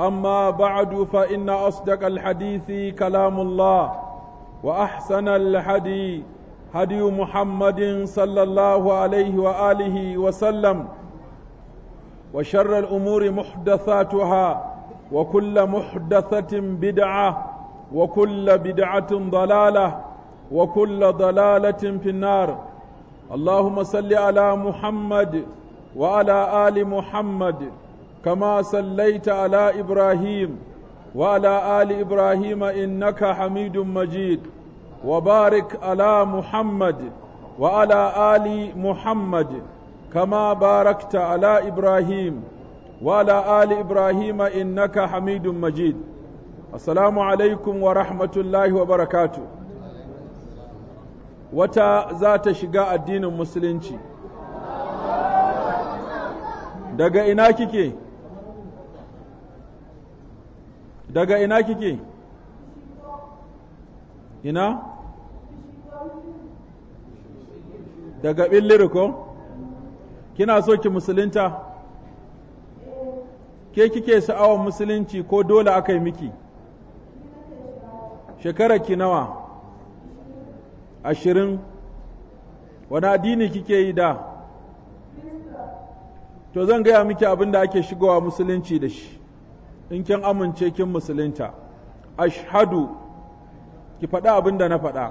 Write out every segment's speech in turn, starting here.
أما بعد فإن أصدق الحديث كلام الله وأحسن الهدي هدي محمد صلى الله عليه وآله وسلم وشر الأمور محدثاتها وكل محدثة بدعة وكل بدعة ضلالة وكل ضلالة في النار اللهم صل على محمد وعلى آل محمد كما صليت على إبراهيم وعلى آل إبراهيم إنك حميد مجيد وبارك على محمد وعلى آل محمد كما باركت على إبراهيم وعلى آل إبراهيم إنك حميد مجيد السلام عليكم ورحمة الله وبركاته wata za ta shiga addinin musulunci daga ina kike daga ina kike ina daga billir ko kina so ki musulunta ke kike sa'awar musulunci ko dole aka yi miki shekara ki nawa ashirin wani addini kike yi da to zan gaya miki abin da ake shigowa musulunci da shi in kin amince kin musulunta ashhadu ki faɗi abin da na faɗa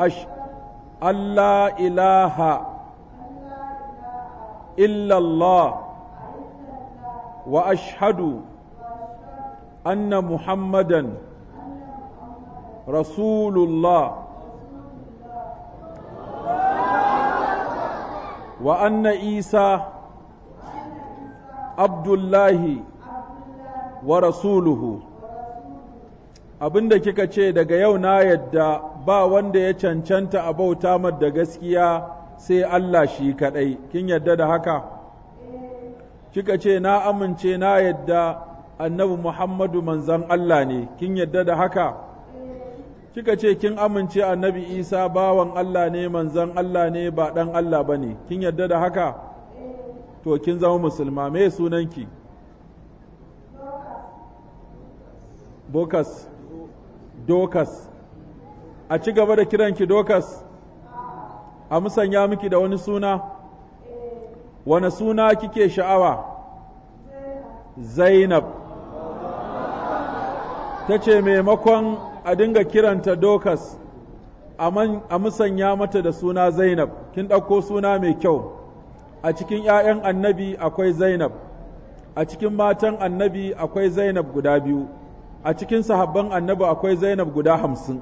ash Allah ilaha illallah wa ashhadu anna muhammadan rasulullah wa anna isa abdullahi wa rasuluhu abinda kika ce daga yau na yadda ba wanda ya cancanta a bauta da gaskiya sai Allah shi kaɗai kin yadda da haka kika ce na amince na yadda annabi Muhammadu manzan Allah ne kin yadda da haka kika ce kin amince annabi Isa bawan Allah ne manzan Allah ne ba ɗan Allah ba kin yadda da haka to kin zama musulma me sunanki Bokas, Dokas, a ci gaba da kiranki Dokas, a musanya miki da wani suna, wani suna kike sha'awa? Zainab. Ta ce maimakon a dinga kiranta Dokas, a musanya mata da suna Zainab, kin ɗauko suna mai kyau, a cikin ‘ya'yan annabi akwai Zainab, a cikin matan annabi akwai Zainab guda biyu. a cikin sahabban annabi akwai zainab guda hamsin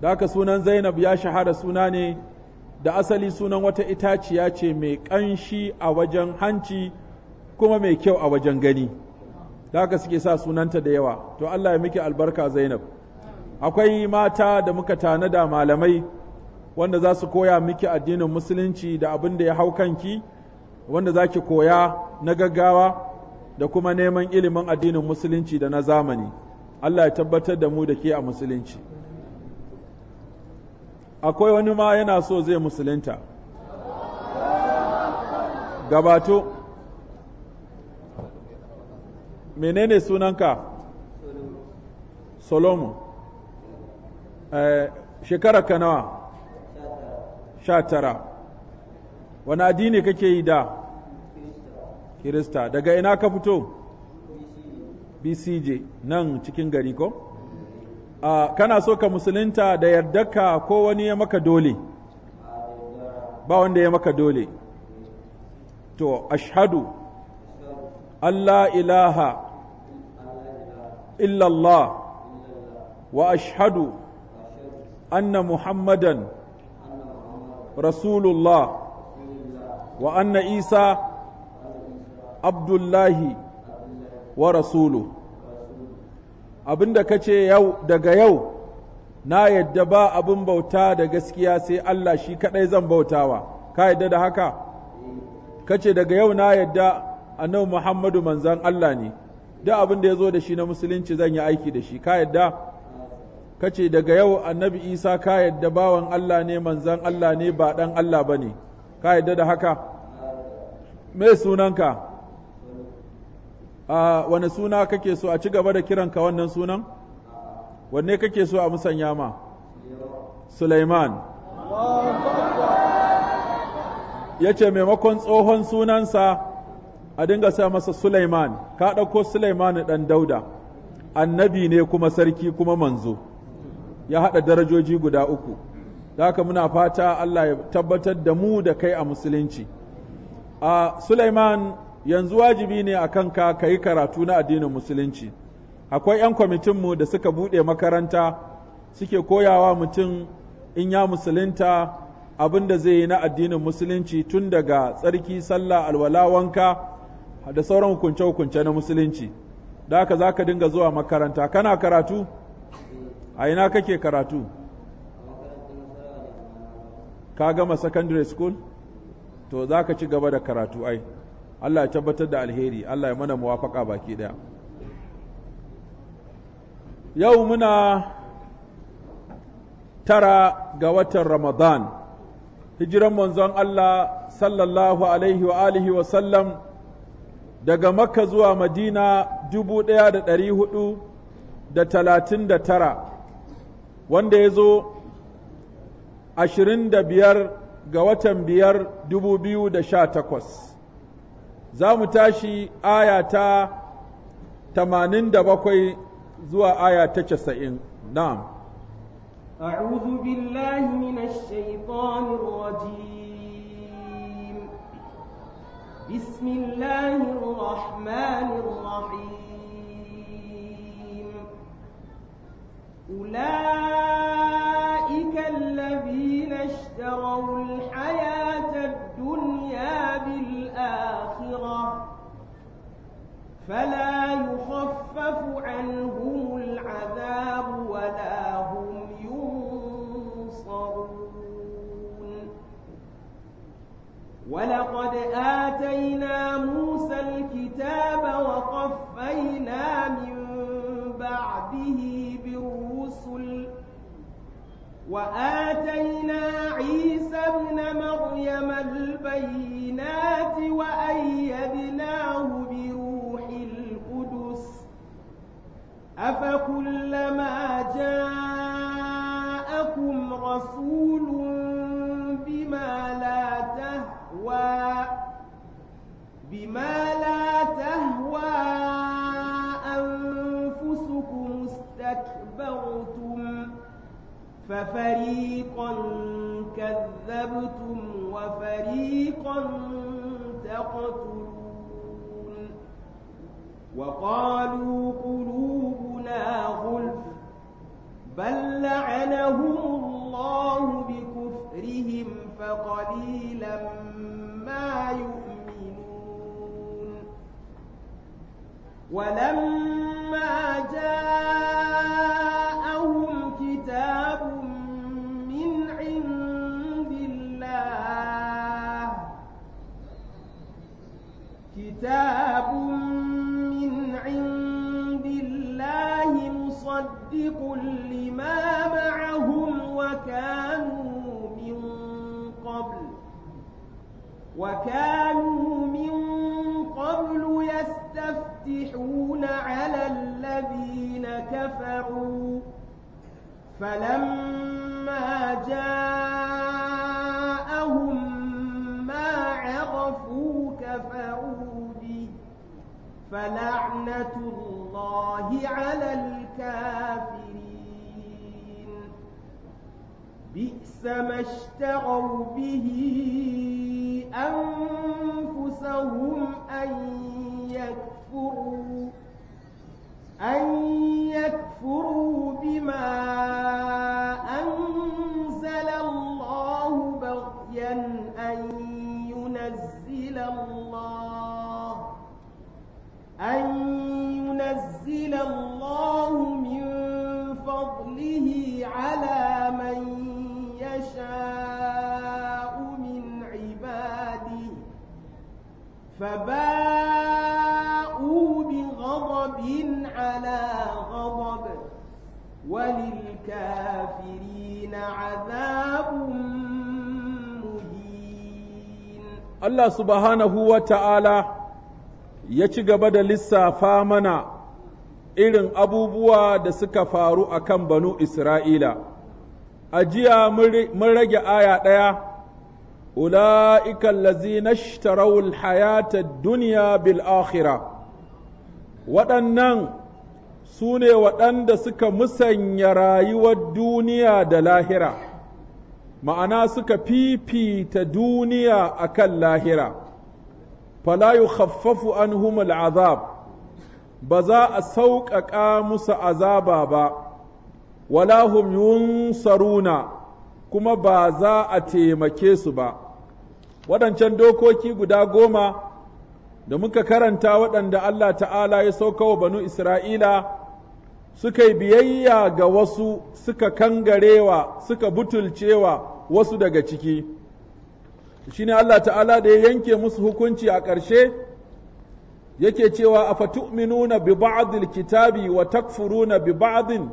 da sunan zainab ya shahara suna ne da asali sunan wata itaciya ce mai ƙanshi a wajen hanci kuma mai kyau a wajen gani da suke sa sunanta da yawa to Allah ya miki albarka zainab akwai mata da muka tanada malamai wanda za su koya miki addinin musulunci da abin da ya hau kanki wanda za ki koya na gaggawa da kuma neman ilimin addinin musulunci da na zamani Allah ya tabbatar da mu da ke a musulunci akwai wani ma yana so zai musulunta gabato menene sunanka solomo eh, shekara ka nawa sha tara wani addini kake yi da kirista daga ina ka fito bcj nan cikin gari ko uh, kana so ka musulunta da ka ko wani ya maka dole ba wanda ya maka dole to ashadu allah ilaha illallah wa ashadu anna muhammadan rasulullah wa anna isa abdullahi wa rasulu abinda ka ce yau daga yau na yadda ba abin bauta da gaskiya sai Allah shi kaɗai zan bautawa ka yadda da haka ka ce daga yau na yadda annabi Muhammadu manzan Allah ne da abin da ya zo da shi na musulunci zan yi aiki da shi ka yadda ka ce daga yau annabi isa ka yadda bawan Allah ne manzan Allah ne ba ɗan Allah ba ne ka yadda da haka me sunanka wani suna kake so a ci gaba da kiranka wannan sunan wanne kake so a musanya ma Suleiman. ya ce maimakon tsohon sunansa a dinga sa masa Suleiman. ka ɗauko Sulaiman ɗan dauda annabi ne kuma sarki kuma manzo ya haɗa darajoji guda uku da haka muna fata Allah ya tabbatar da mu da kai a musulunci a Sulaiman yanzu wajibi ne a kanka ka yi karatu na addinin musulunci akwai 'yan kwamitinmu da suka buɗe makaranta suke koyawa mutum in ya musulunta abin da zai yi na addinin musulunci tun daga tsarki sallah alwala wanka da sauran hukunce-hukunce na musulunci da haka za ka dinga zuwa makaranta kana karatu a ina kake karatu ka gama secondary school to za ka ci gaba da karatu ai Allah ya tabbatar da alheri Allah ya mana muwafaka baki daya yau muna tara ga watan Ramadan hijiran manzon Allah sallallahu alaihi wa alihi wa sallam daga Makka zuwa Madina dubu ɗaya da ɗari hudu da talatin da tara wanda ya zo ashirin da biyar ga watan biyar dubu biyu da sha takwas za mu tashi aya ta tamanin da bakwai zuwa aya ta casa'in na'am أعوذ بالله من الشيطان الرجيم بسم الله أولئك الذين اشتروا الحياة الدنيا بالآخرة فلا يخفف عنهم العذاب ولا هم ينصرون ولقد آتينا موسى الكتاب وقفينا من بعده وآتينا عيسى ابن مريم البينات وأيدناه بروح القدس أفكلما جاءكم رسول بما لا تهوى بما لا تهوى أنفسكم استكبرتم ففريقا كذبتم وفريقا تقتلون وقالوا قلوبنا غلف بل لعنهم الله بكفرهم فقليلا ما يؤمنون ولما جاءوا كل ما معهم وكانوا من قبل وكانوا من قبل يستفتحون على الذين كفروا فلما جاءهم ما عرفوا كفروا به فلعنة الله على الكافرين بئس ما اشتروا به أنفسهم أن يكفروا أن يكفروا بما فباءوا بغضب على غضب وللكافرين عذاب مهين الله سبحانه وتعالى ya ci gaba da lissafa mana irin abubuwa da suka faru a kan banu Isra'ila. A jiya mun rage aya ɗaya أولئك الذين اشتروا الحياة الدنيا بالآخرة waɗannan su ne waɗanda suka musanya rayuwar duniya da lahira, ma'ana suka fifita duniya akan lahira, Falayu yu khaffafu an humul azab, ba za a sauƙaƙa musu azaba ba, wala hum yunsaruna kuma ba za a taimake su ba. waɗancan dokoki guda goma da muka karanta waɗanda Allah ta'ala ya wa banu Isra'ila suka yi biyayya ga wasu suka kangarewa suka butulcewa wasu daga ciki shi ne Allah ta'ala da ya yanke musu hukunci a ƙarshe yake cewa a fatu'minuna bi ba'dil kitabi wa takfuru bi ba'din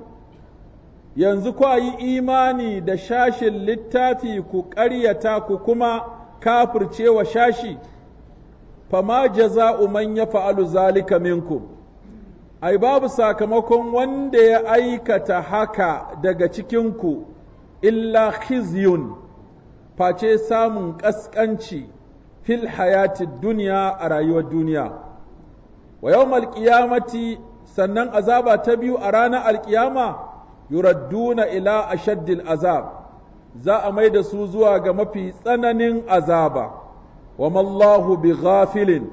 yanzu kwa yi imani da shashin littafi ku ƙaryata ku kuma wa shashi fama jaza'u man ya fa'alu zalika minkum ai babu sakamakon wanda ya aikata haka daga cikin ku illa khizyun face samun ƙasƙanci fil hayatid duniya a rayuwar duniya wa yawmal qiyamati sannan azaba ta biyu a ranar alkiyama yuradduna ila ashaddil azab za a mai da su zuwa ga mafi tsananin azaba wa mallahu bi ghafilin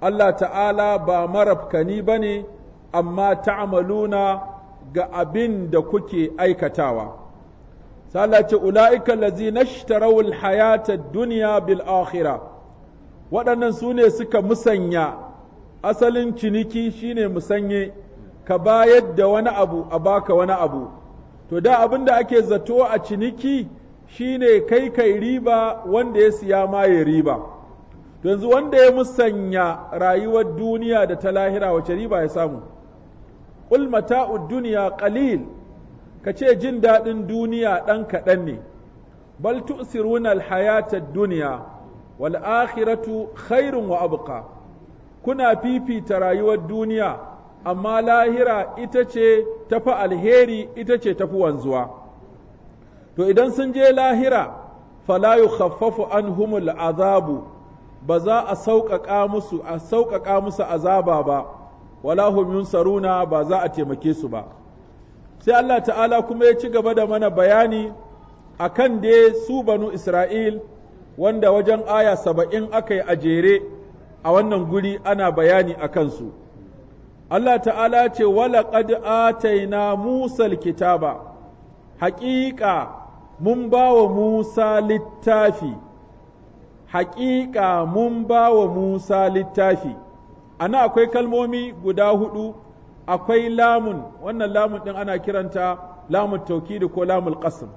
Allah ta'ala ba marafkani ba ne amma ta'amaluna ga abin da kuke aikatawa Allah ula'ika lazi nashtarawul hayatar duniya bil akhira waɗannan su ne suka musanya asalin ciniki shine musanye ka bayar da wani abu a baka wani abu to da abin da ake zato a ciniki shine kai kai riba wanda ya siya ma ya riba yanzu wanda ya musanya rayuwar duniya da ta lahira wace riba ya samu qul duniya dunya qalil kace jin daɗin duniya ɗan kaɗan ne bal tu'siruna al ad wal akhiratu khairun wa abqa kuna fifita rayuwar duniya amma lahira ita ce ta tafi alheri ita ce tafi wanzuwa to idan sun je lahira fala an humul azabu ba za a sauƙaƙa musu a sauƙaƙa musu azaba ba wala hum yunsaruna ba za a taimake su ba sai Allah ta'ala kuma ya ci gaba da mana bayani a kan dai su banu Isra'il wanda wajen aya saba'in aka yi a jere a wannan guri ana bayani a kansu. Allah ta'ala ce walaƙad ataina Musa kitaba haƙiƙa mun bawa Musa littafi haƙiƙa mun bawa Musa littafi ana akwai kalmomi guda hudu akwai lamun wannan lamun ɗin ana kiranta lamun taukidi ko lamun qasm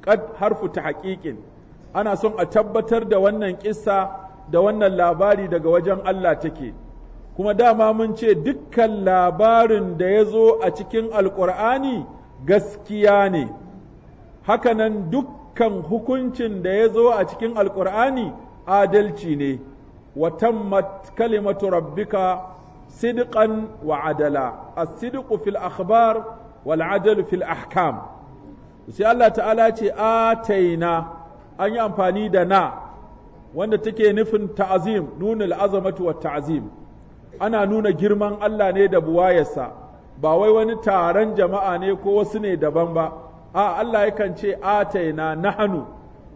ƙad harfu ta haƙiƙin ana son a tabbatar da wannan kissa da wannan labari daga wajen Allah take kuma dama mun ce dukkan labarin da ya zo a cikin alƙur'ani gaskiya ne hakanan dukkan hukuncin da ya zo a cikin alƙur'ani adalci ne watan kalimatu rabbika sidqan wa adala as-sidqu fil akhbar wal fil ahkam sai Allah ta'ala ce ataina an yi amfani da na wanda take nufin ta'azim nunul azamatu wa ta'azim ana nuna girman Allah ne da buwayarsa ba wai wani taron jama'a ne ko wasu ne daban ba a Allah yakan ce ataina hannu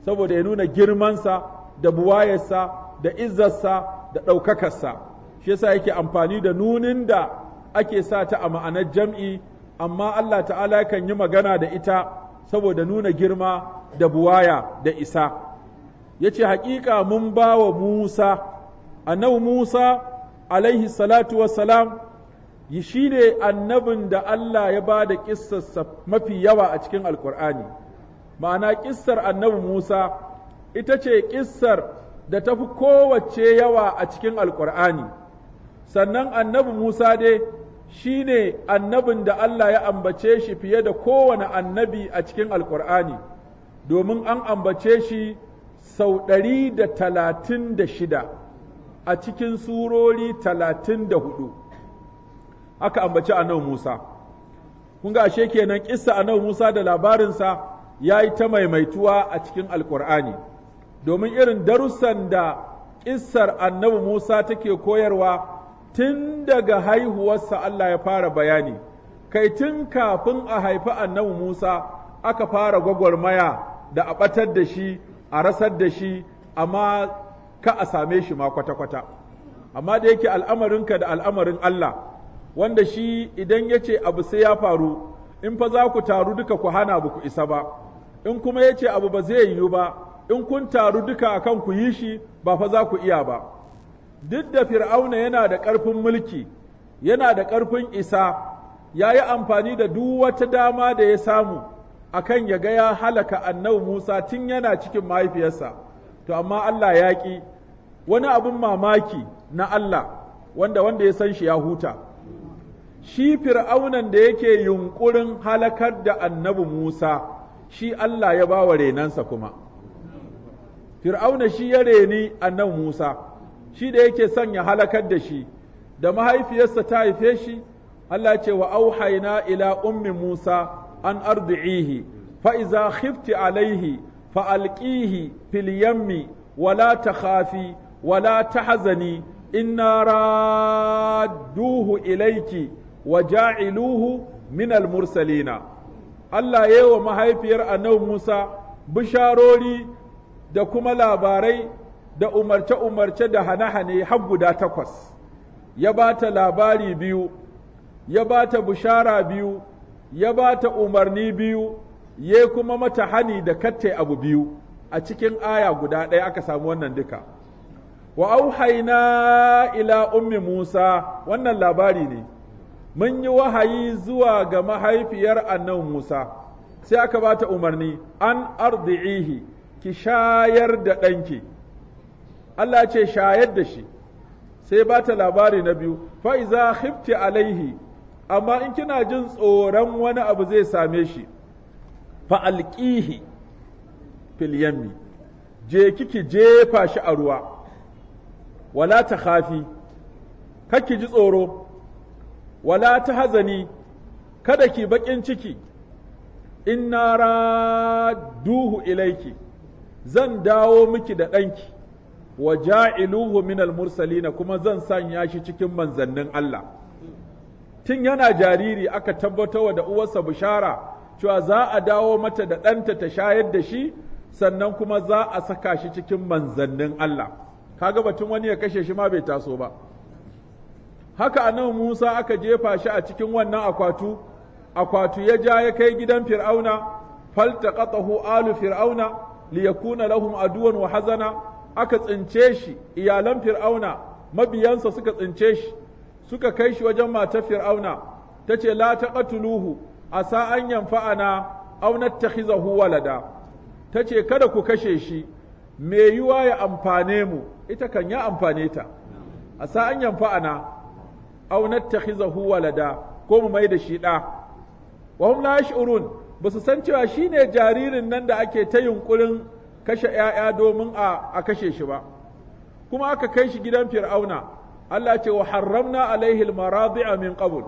saboda ya nuna girmansa da buwayarsa da izzarsa da ɗaukakarsa shi yasa yake amfani da nunin da ake sa ta a ma'anar jam'i amma Allah ta'ala yakan yi magana da ita saboda nuna girma da buwaya da isa yace haƙiƙa mun bawa wa Musa annabi Musa alaihi salatu salam shi ne annabin da Allah ya ba da ƙissarsa mafi yawa a cikin alkur'ani ma'ana ƙissar annabi Musa ita ce ƙissar da ta fi kowace yawa a cikin alkur'ani sannan annabi Musa dai shi ne annabin da Allah ya ambace shi fiye da kowane annabi a cikin alkur'ani domin an ambace shi sau ɗari da talatin da shida a cikin surori talatin da hudu aka ambaci nan Musa kun ga ashe kenan kissa nan Musa da labarinsa ya yi ta maimaituwa a cikin alkur'ani domin irin darussan da kissar annabi Musa take koyarwa tun daga haihuwarsa Allah ya fara bayani kai tun kafin a haifi annabi Musa aka fara gwagwarmaya da a ɓatar da shi a rasar da shi amma ka a same shi ma kwata-kwata amma da yake al'amarin ka da al'amarin Allah wanda shi idan ya ce abu sai ya faru in fa za ku taru duka ku hana ba ku isa ba in kuma ya ce abu ba zai yiwu ba in kun taru duka a kan ku yi shi ba fa za ku iya ba duk da fir'auna yana da ƙarfin mulki yana da ƙarfin isa ya yi amfani da duk wata dama da ya samu akan ya ga ya halaka annabi Musa tun yana cikin mahaifiyarsa to amma Allah ya ƙi wani abin mamaki na Allah wanda wanda ya san shi ya huta shi fir'aunan da yake yunkurin halakar da annabi Musa shi Allah ya ba wa renansa kuma fir'auna shi ya reni annabi Musa shi da yake son ya halakar da shi da mahaifiyarsa ta haife shi Allah ce wa auhaina ila ummi Musa an ardi'ihi fa iza khifti alaihi فألقيه في اليم ولا تخافي ولا تحزني إنا رادوه إليك وجاعلوه من المرسلين Allah ya yi wa mahaifiyar annabi Musa bisharori da kuma labarai da umarce-umarce da hane-hane har guda takwas, ya ba ta labari biyu, ya ba ta bishara biyu, ya ba ta umarni biyu, ya kuma mata hani da katte abu biyu a cikin aya guda ɗaya aka samu wannan duka wa auhaina ila ummi Musa wannan labari ne mun yi wahayi zuwa ga mahaifiyar annabi Musa sai aka ba ta umarni an ardi'ihi ki shayar da ɗanki Allah ce shayar da shi sai ba ta labari na biyu fa'iza khifti alaihi amma in kina jin tsoron wani abu zai same shi fa'alƙihi filiyanmi yammi je kiki jefa shi a ruwa wala ta hafi kaki ji tsoro wala ta hazani kada ki baƙin ciki inna duhu ilaiki zan dawo miki da ɗanki wa ja'iluhu minal na kuma zan sanya shi cikin manzannin Allah tun yana jariri aka tabbatar da uwarsa bishara cewa za a dawo mata da ɗanta ta shayar da shi sannan kuma za a saka shi cikin manzannin Allah kaga batun wani ya kashe shi ma bai taso ba haka anan Musa aka jefa shi a cikin wannan akwatu akwatu ya ja ya kai gidan Fir'auna faltaqatahu alu fir'auna liyakuna lahum aduwan wa hazana aka tsince shi iyalan Fir'auna mabiyansa suka tsince shi suka kai shi wajen matar Fir'auna tace la taqatuluhu asa an yanfa'ana aw nattakhizahu walada tace kada ku kashe shi me yiwa ya amfane mu ita kan ya amfane ta asa an yanfa'ana aw nattakhizahu walada ko mu mai da shi da wa hum la yash'urun basu san cewa shine jaririn nan da ake ta yunkurin kashe ‘ya'ya domin a kashe shi ba, kuma aka kai shi gidan fir'auna, Allah ce wa haramna alaihi maradi'a min qabl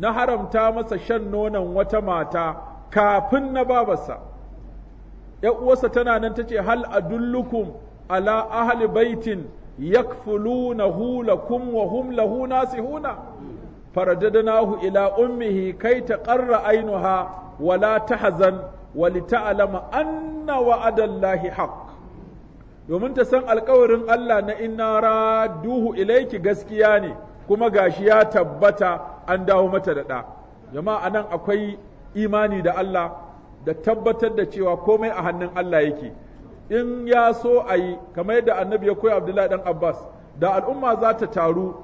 na haramta masa shan nonon wata mata kafin na babarsa uwarsa tana nan ta ce hal adullukum ala ahli baitin yakfulunahu lakum wa hum lahu huna faradadnahu ila ummihi kai ƙarra ainuha wala la tahzan walita alama, anna wa'adallahi haq. domin ta san alkawarin Allah na inna raduhu ilayki gaskiya ne kuma gashi ya tabbata an dawo mata da ɗa jama'a anan akwai imani da Allah da tabbatar da cewa komai a hannun Allah yake in ya so a yi kamar yadda annabi ya koya Abdullahi dan Abbas da al'umma za ta taru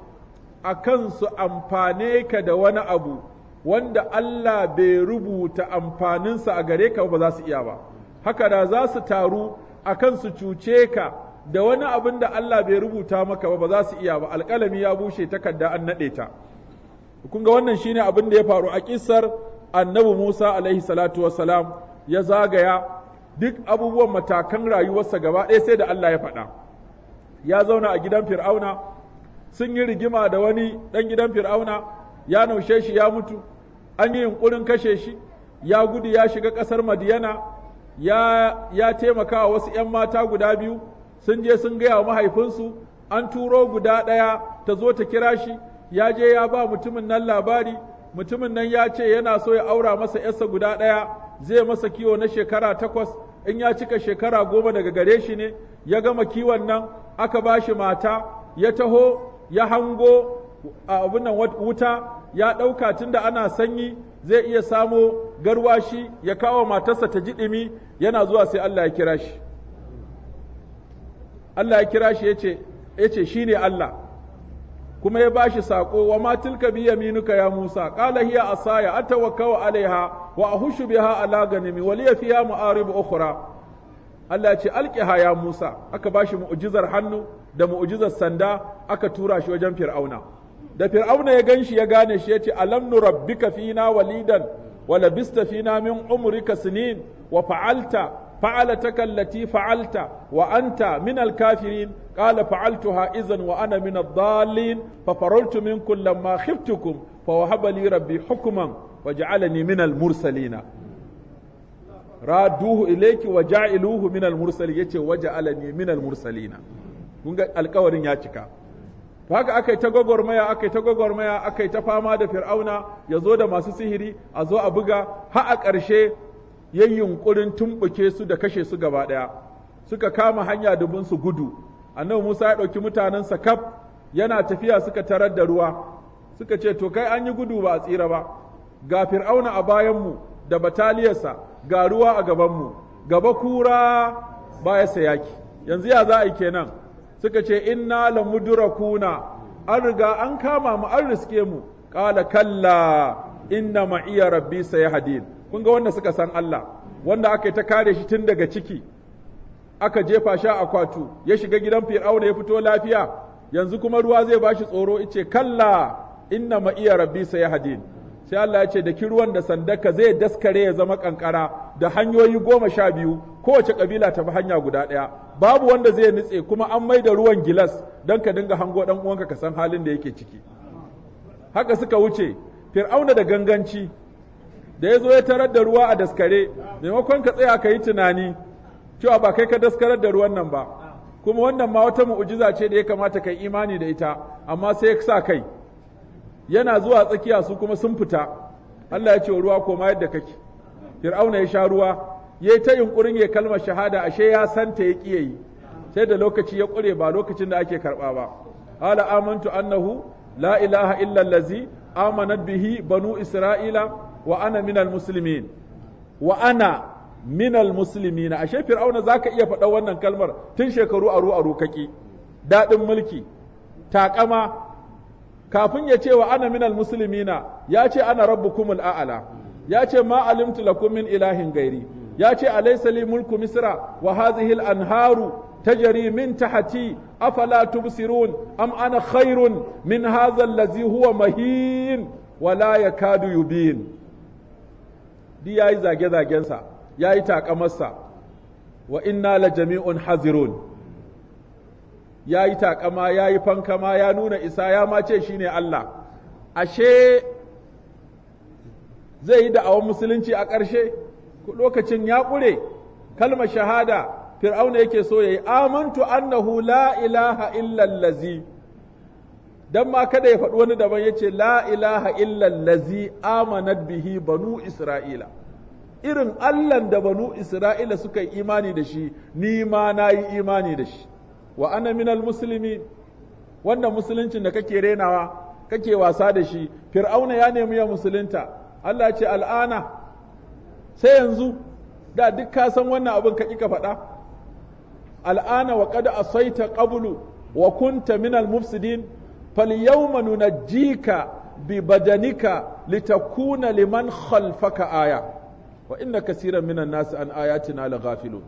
akan su amfane ka da wani abu wanda Allah bai rubuta amfaninsa a gare ka ba za su iya ba haka da za su taru akan su cuce ka da wani abin da Allah bai rubuta maka ba ba za su iya ba alƙalami ya bushe takarda an naɗe ta kun ga wannan shine abin da ya faru a kissar annabi Musa alaihi salatu wassalam ya zagaya duk abubuwan matakan rayuwarsa gaba ɗaya sai da Allah ya faɗa ya zauna a gidan Fir'auna sun yi rigima da wani ɗan gidan Fir'auna ya naushe shi ya mutu an yi yunƙurin kashe shi ya gudu ya shiga ƙasar Madiyana ya ya taimaka wasu ‘yan mata guda biyu sun je sun gaya wa mahaifinsu an turo guda ɗaya ta zo ta kira shi ya je ya ba mutumin nan labari mutumin nan ya ce yana so ya aura masa yarsa guda ɗaya zai masa kiwo na shekara takwas in ya cika shekara goma daga gare shi ne ya gama kiwon nan aka ba shi mata ya taho ya hango a nan wuta ya ɗauka da ana sanyi zai iya samo garwashi ya kawo matarsa ta ji ɗumi yana zuwa sai Allah ya kira shi Allah ya kira shi yace shi ne Allah kuma ya bashi sako wa ma tilka bi minuka ya Musa ƙala hiya asaya atawakkau alaiha wa ahushu biha ala ganimi wa liya fiha ma'arib ukhra Allah ya ce alqiha ya Musa aka bashi mu'ujizar hannu da mu'ujizar sanda aka tura shi wajen Fir'auna da Fir'auna ya ganshi ya gane shi yace alam nurabbika fina walidan wa labista fina min umrika sinin wa fa'alta fa'alataka allati fa'alta wa anta min al-kafirin qala fa'altuha idhan wa ana min ad-dallin fa faraltu minkum lamma khiftukum fa wahaba li rabbi hukman waj'alani min al-mursalin raduhu ilayki wa ya cika to haka aka yi ta gwagwarmaya aka yi ta gwagwarmaya aka yi ta fama da fir'auna ya zo da masu sihiri a zo a buga har a ƙarshe ya yunkurin tumbuke su da kashe su gaba ɗaya suka kama hanya dubin su gudu annabi Musa ya ɗauki mutanensa kaf yana tafiya suka tarar da ruwa suka ce to kai an yi gudu ba a tsira ba ga fir'auna a bayanmu da bataliyarsa ga ruwa a gabanmu gaba kura baya yaki yanzu ya za a yi kenan suka ce inna la mudrakuna an riga an kama mu an riske mu qala kalla inna ma'iya rabbi sayahadin kun ga wanda suka san Allah wanda aka yi ta kare shi tun daga ciki aka jefa sha a akwatu ya shiga gidan fir'auna ya fito lafiya yanzu kuma ruwa zai ba shi tsoro ice kalla inna ma iya rabbi hadin sai Allah ya ce da ki ruwan da sandaka zai daskare ya zama kankara da hanyoyi goma sha biyu kowace kabila ta bi hanya guda ɗaya babu wanda zai nutse kuma an mai da ruwan gilas don ka dinga hango dan uwanka ka san halin da yake ciki haka suka wuce fir'auna da ganganci da ya zo ya tarar da ruwa a daskare maimakon ka tsaya ka yi tunani cewa ba kai ka daskarar da ruwan nan ba kuma wannan ma wata mu'ujiza ce da ya kamata ka yi imani da ita amma sai ya sa kai yana zuwa tsakiya su kuma sun fita Allah ya ce ruwa koma yadda kake Fir'auna ya sha ruwa yayi ta yunkurin ya kalma shahada ashe ya santa ya kiyayi sai da lokaci ya kure ba lokacin da ake karɓa ba ala amantu annahu la ilaha illa allazi amanat bihi banu isra'ila wa ana minal muslimin wa ana minal muslimina ashe fir'auna zaka iya faɗa wannan kalmar tun shekaru aru aru kaki daɗin mulki taƙama kafin ya ce wa ana minal muslimina ya ce ana rabbukumul a'ala ya ce ma alimtu ilahin gairi ya ce alaysa li mulku misra wa hadhihi ta jarimin ta hati tahti afala tubsirun am ana khairun min hadha allazi huwa mahin wa la yakadu yubin duk yi zage-zagensa yi takamarsa wa inna la jami'un hazirun Ya yi takama ya yi fankama ya nuna isa ya ma ce shine Allah ashe zai yi da'awar musulunci a ƙarshe lokacin ya ƙure kalmar shahada fir'auna yake so yayi amantu annahu la ilaha illallazi dan ma kada ya faɗi wani daban ya ce, la ilaha illa allazi amanat bihi banu isra'ila irin Allahn da banu isra'ila suka yi imani da shi ni ma na yi imani da shi wa ana minal muslimi wannan musuluncin da kake renawa kake wasa da shi fir'auna ya nemi ya musulunta Allah ce al'ana sai yanzu da duk ka san wannan abin ka kika faɗa al'ana wa qad asaita qablu wa kunta minal mufsidin falyawma nunajjika bi badanika litakuna liman khalfaka aya wa inna kaseeran minan nasu an ayatina laghafilun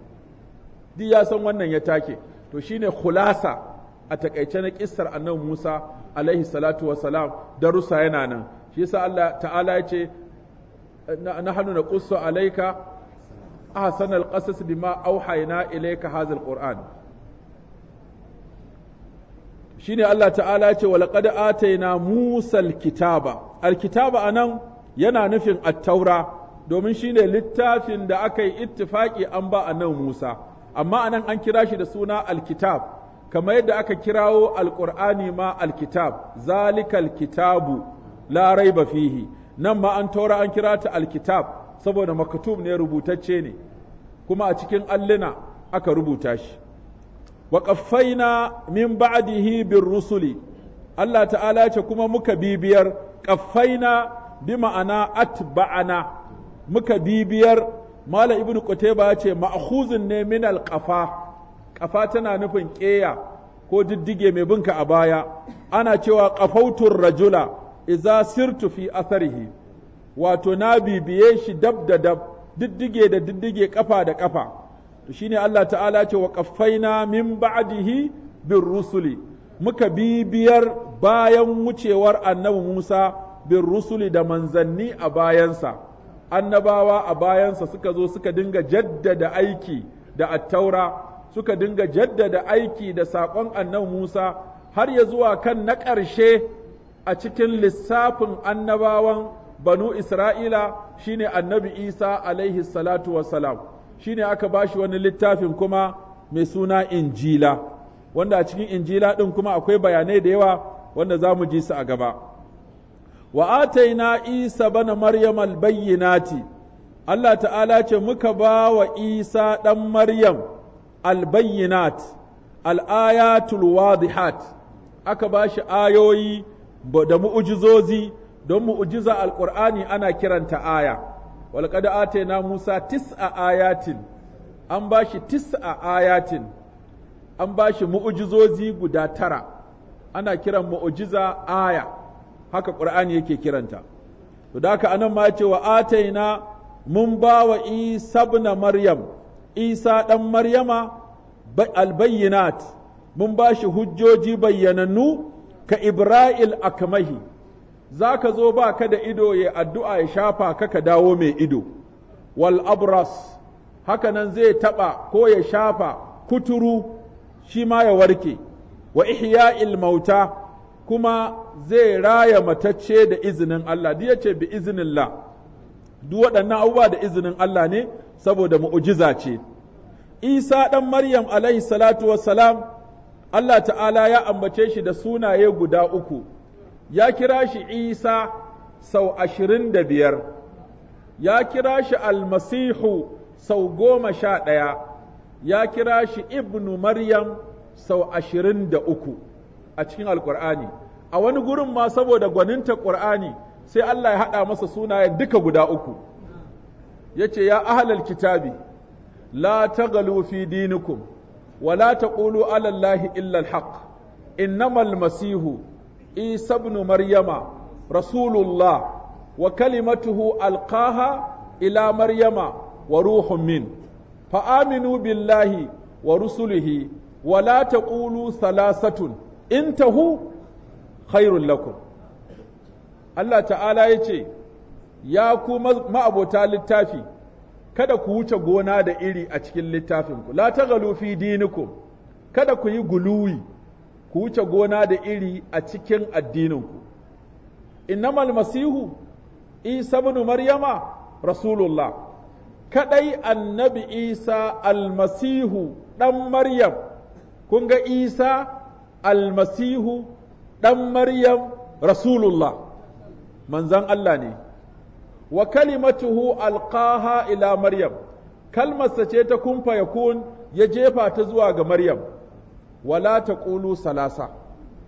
di ya san wannan ya take to shine kulasa a takaice na kissar annabi Musa alaihi salatu wassalam darussa yana nan shi yasa Allah ta'ala ya ce nahnu naqussu alayka ahsanal qasas bima auhayna ilayka hadha shine Allah ta'ala ce wa laqad na musal kitaba alkitaba anan yana nufin at-taura domin shine littafin da aka yi ittifaki an ba nan Musa amma anan an kira shi da suna alkitab kamar yadda aka kirawo alqur'ani ma alkitab zalikal kitabu la raiba fihi nan ma an taura an kira ta alkitab saboda maktub ne rubutacce ne kuma a cikin allina aka rubuta shi wa na min ba'dihi bin rusuli Allah ta'ala ce kuma muka bibiyar ƙaffaina bi ma'ana atba'ana muka bibiyar Malam Ibnu Qutayba ce ma'khuzun ne min alqafa qafa tana nufin ƙeya ko diddige mai binka a baya ana cewa qafautur rajula idza sirtu fi atharihi wato na bibiye shi dab da dab diddige da diddige kafa da kafa to shine Allah ta'ala ce wa qaffaina min ba'dihi bin rusuli muka bibiyar bayan wucewar annabi Musa bin rusuli da manzanni a bayansa annabawa a bayansa suka zo suka dinga jaddada aiki da attaura suka dinga jaddada aiki da saƙon annabi Musa har ya zuwa kan na ƙarshe a cikin lissafin annabawan banu Isra'ila shine annabi Isa alaihi ne aka bashi wani littafin kuma mai suna injila wanda a cikin injila ɗin kuma akwai bayanai da yawa wanda za mu ji su a gaba wa ataina isa bana maryam albayyinati Allah ta'ala ce muka ba wa isa ɗan maryam albayyinat al'ayatul wadihat aka ba shi ayoyi da mu'ujizozi don mu'ujiza alƙur'ani ana kiranta aya walƙada ataina Musa tis'a ayatin, an ba shi tis'a ayatin, an ba shi mu'ujizozi guda tara, ana kiran mu'ujiza aya, haka ƙur'ani yake kiranta. To da haka anan ma ce wa ataina mun ba wa Isa na Maryam, Isa ɗan Maryama albayyinat, mun ba shi hujjoji bayyanannu ka Ibra'il akamahi. za ka zo ba ka da ido ya addu'a ya shafa ka ka dawo mai ido, wal abras haka nan zai taɓa ko ya shafa kuturu shi ma ya warke, wa ihya'il ilmauta kuma zai raya matacce da izinin Allah, duk ce bi izinin la, duk waɗannan abubuwa da izinin Allah ne saboda mu'ujiza ce. Isa ɗan Maryam alaihi salatu wassalam Allah ta'ala ya ambace shi da sunaye guda uku. ya kira shi Isa sau ashirin da biyar, ya kira shi almasihu sau goma sha ɗaya, ya kira shi ibnu Maryam sau ashirin da uku a cikin Alƙur'ani. A wani gurin ma saboda gwaninta Ƙur'ani sai Allah ya haɗa masa sunayen duka guda uku. Ya ce, Ya ahalal kitabi, la tagalu fi dinikum, wa la taƙulu alallahi illal haq, innamal masihu isa ibn maryama rasulullah wa kalimatuhu alqaha ila maryama wa ruhun min fa billahi wa rusulihi Wala la taqulu salasatun intahu khairul laku. Allah ta'ala ya ce ya kuma ma'abota littafi kada ku wuce gona da iri a cikin littafinku la taghlu fi dinikum kada ku yi guluwi ku wuce gona da iri a cikin addininku innamal masihu isa ibn maryama rasulullah Kaɗai annabi isa almasihu dan maryam kun ga isa almasihu dan maryam rasulullah manzan Allah ne wa kalimatuhu alqaha ila maryam kalmarsa ce ta kumfa yakun ya jefa ta zuwa ga maryam wala ta ƙulu salasa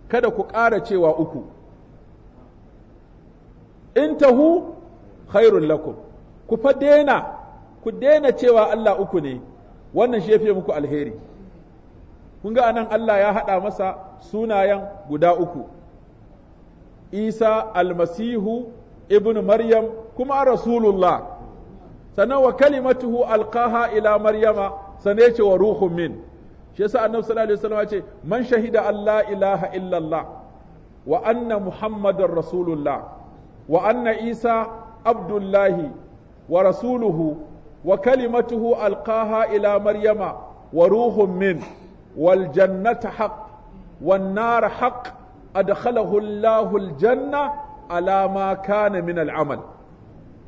kada ku ƙara cewa uku in tahu khairul lakum ku fa dena, ku daina cewa Allah uku ne wannan shi muku alheri kun ga anan Allah ya haɗa masa sunayen guda uku Isa almasihu Ibn Maryam kuma rasulullah sannan wa kalimatuhu alqaha ila Maryama sane ce wa ruhun min shi yasa annabi sallallahu alaihi wasallam ya ce man shahida Allah ilaha illallah wa anna muhammadar rasulullah wa anna isa abdullahi wa rasuluhu wa kalimatuhu alqaha ila maryama wa ruhun min wal jannata haqq wan nar haqq adkhalahu Allahu al janna ala ma kana min al amal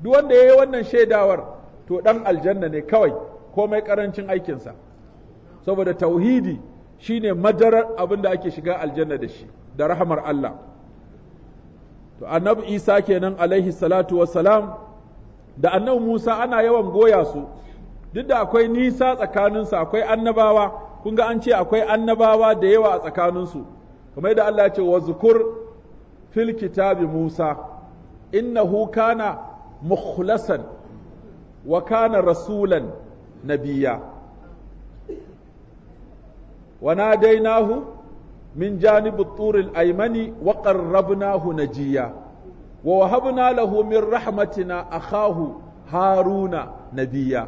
duk wanda yayi wannan shaidawar to dan aljanna ne kawai komai karancin aikinsa saboda tauhidi shine madarar abin da ake shiga aljanna da shi da rahamar Allah to annabi Isa kenan alaihi salatu wassalam da annabi Musa ana yawan goya su duk da akwai nisa tsakaninsu akwai annabawa kun ga an ce akwai annabawa da yawa a tsakaninsu kamar da Allah ya ce wazkur fil kitabi Musa innahu kana mukhlasan wa kana rasulan nabiyya وناديناه من جانب الطور الأيمن وقربناه نجيا ووهبنا له من رحمتنا أخاه هارون نبيا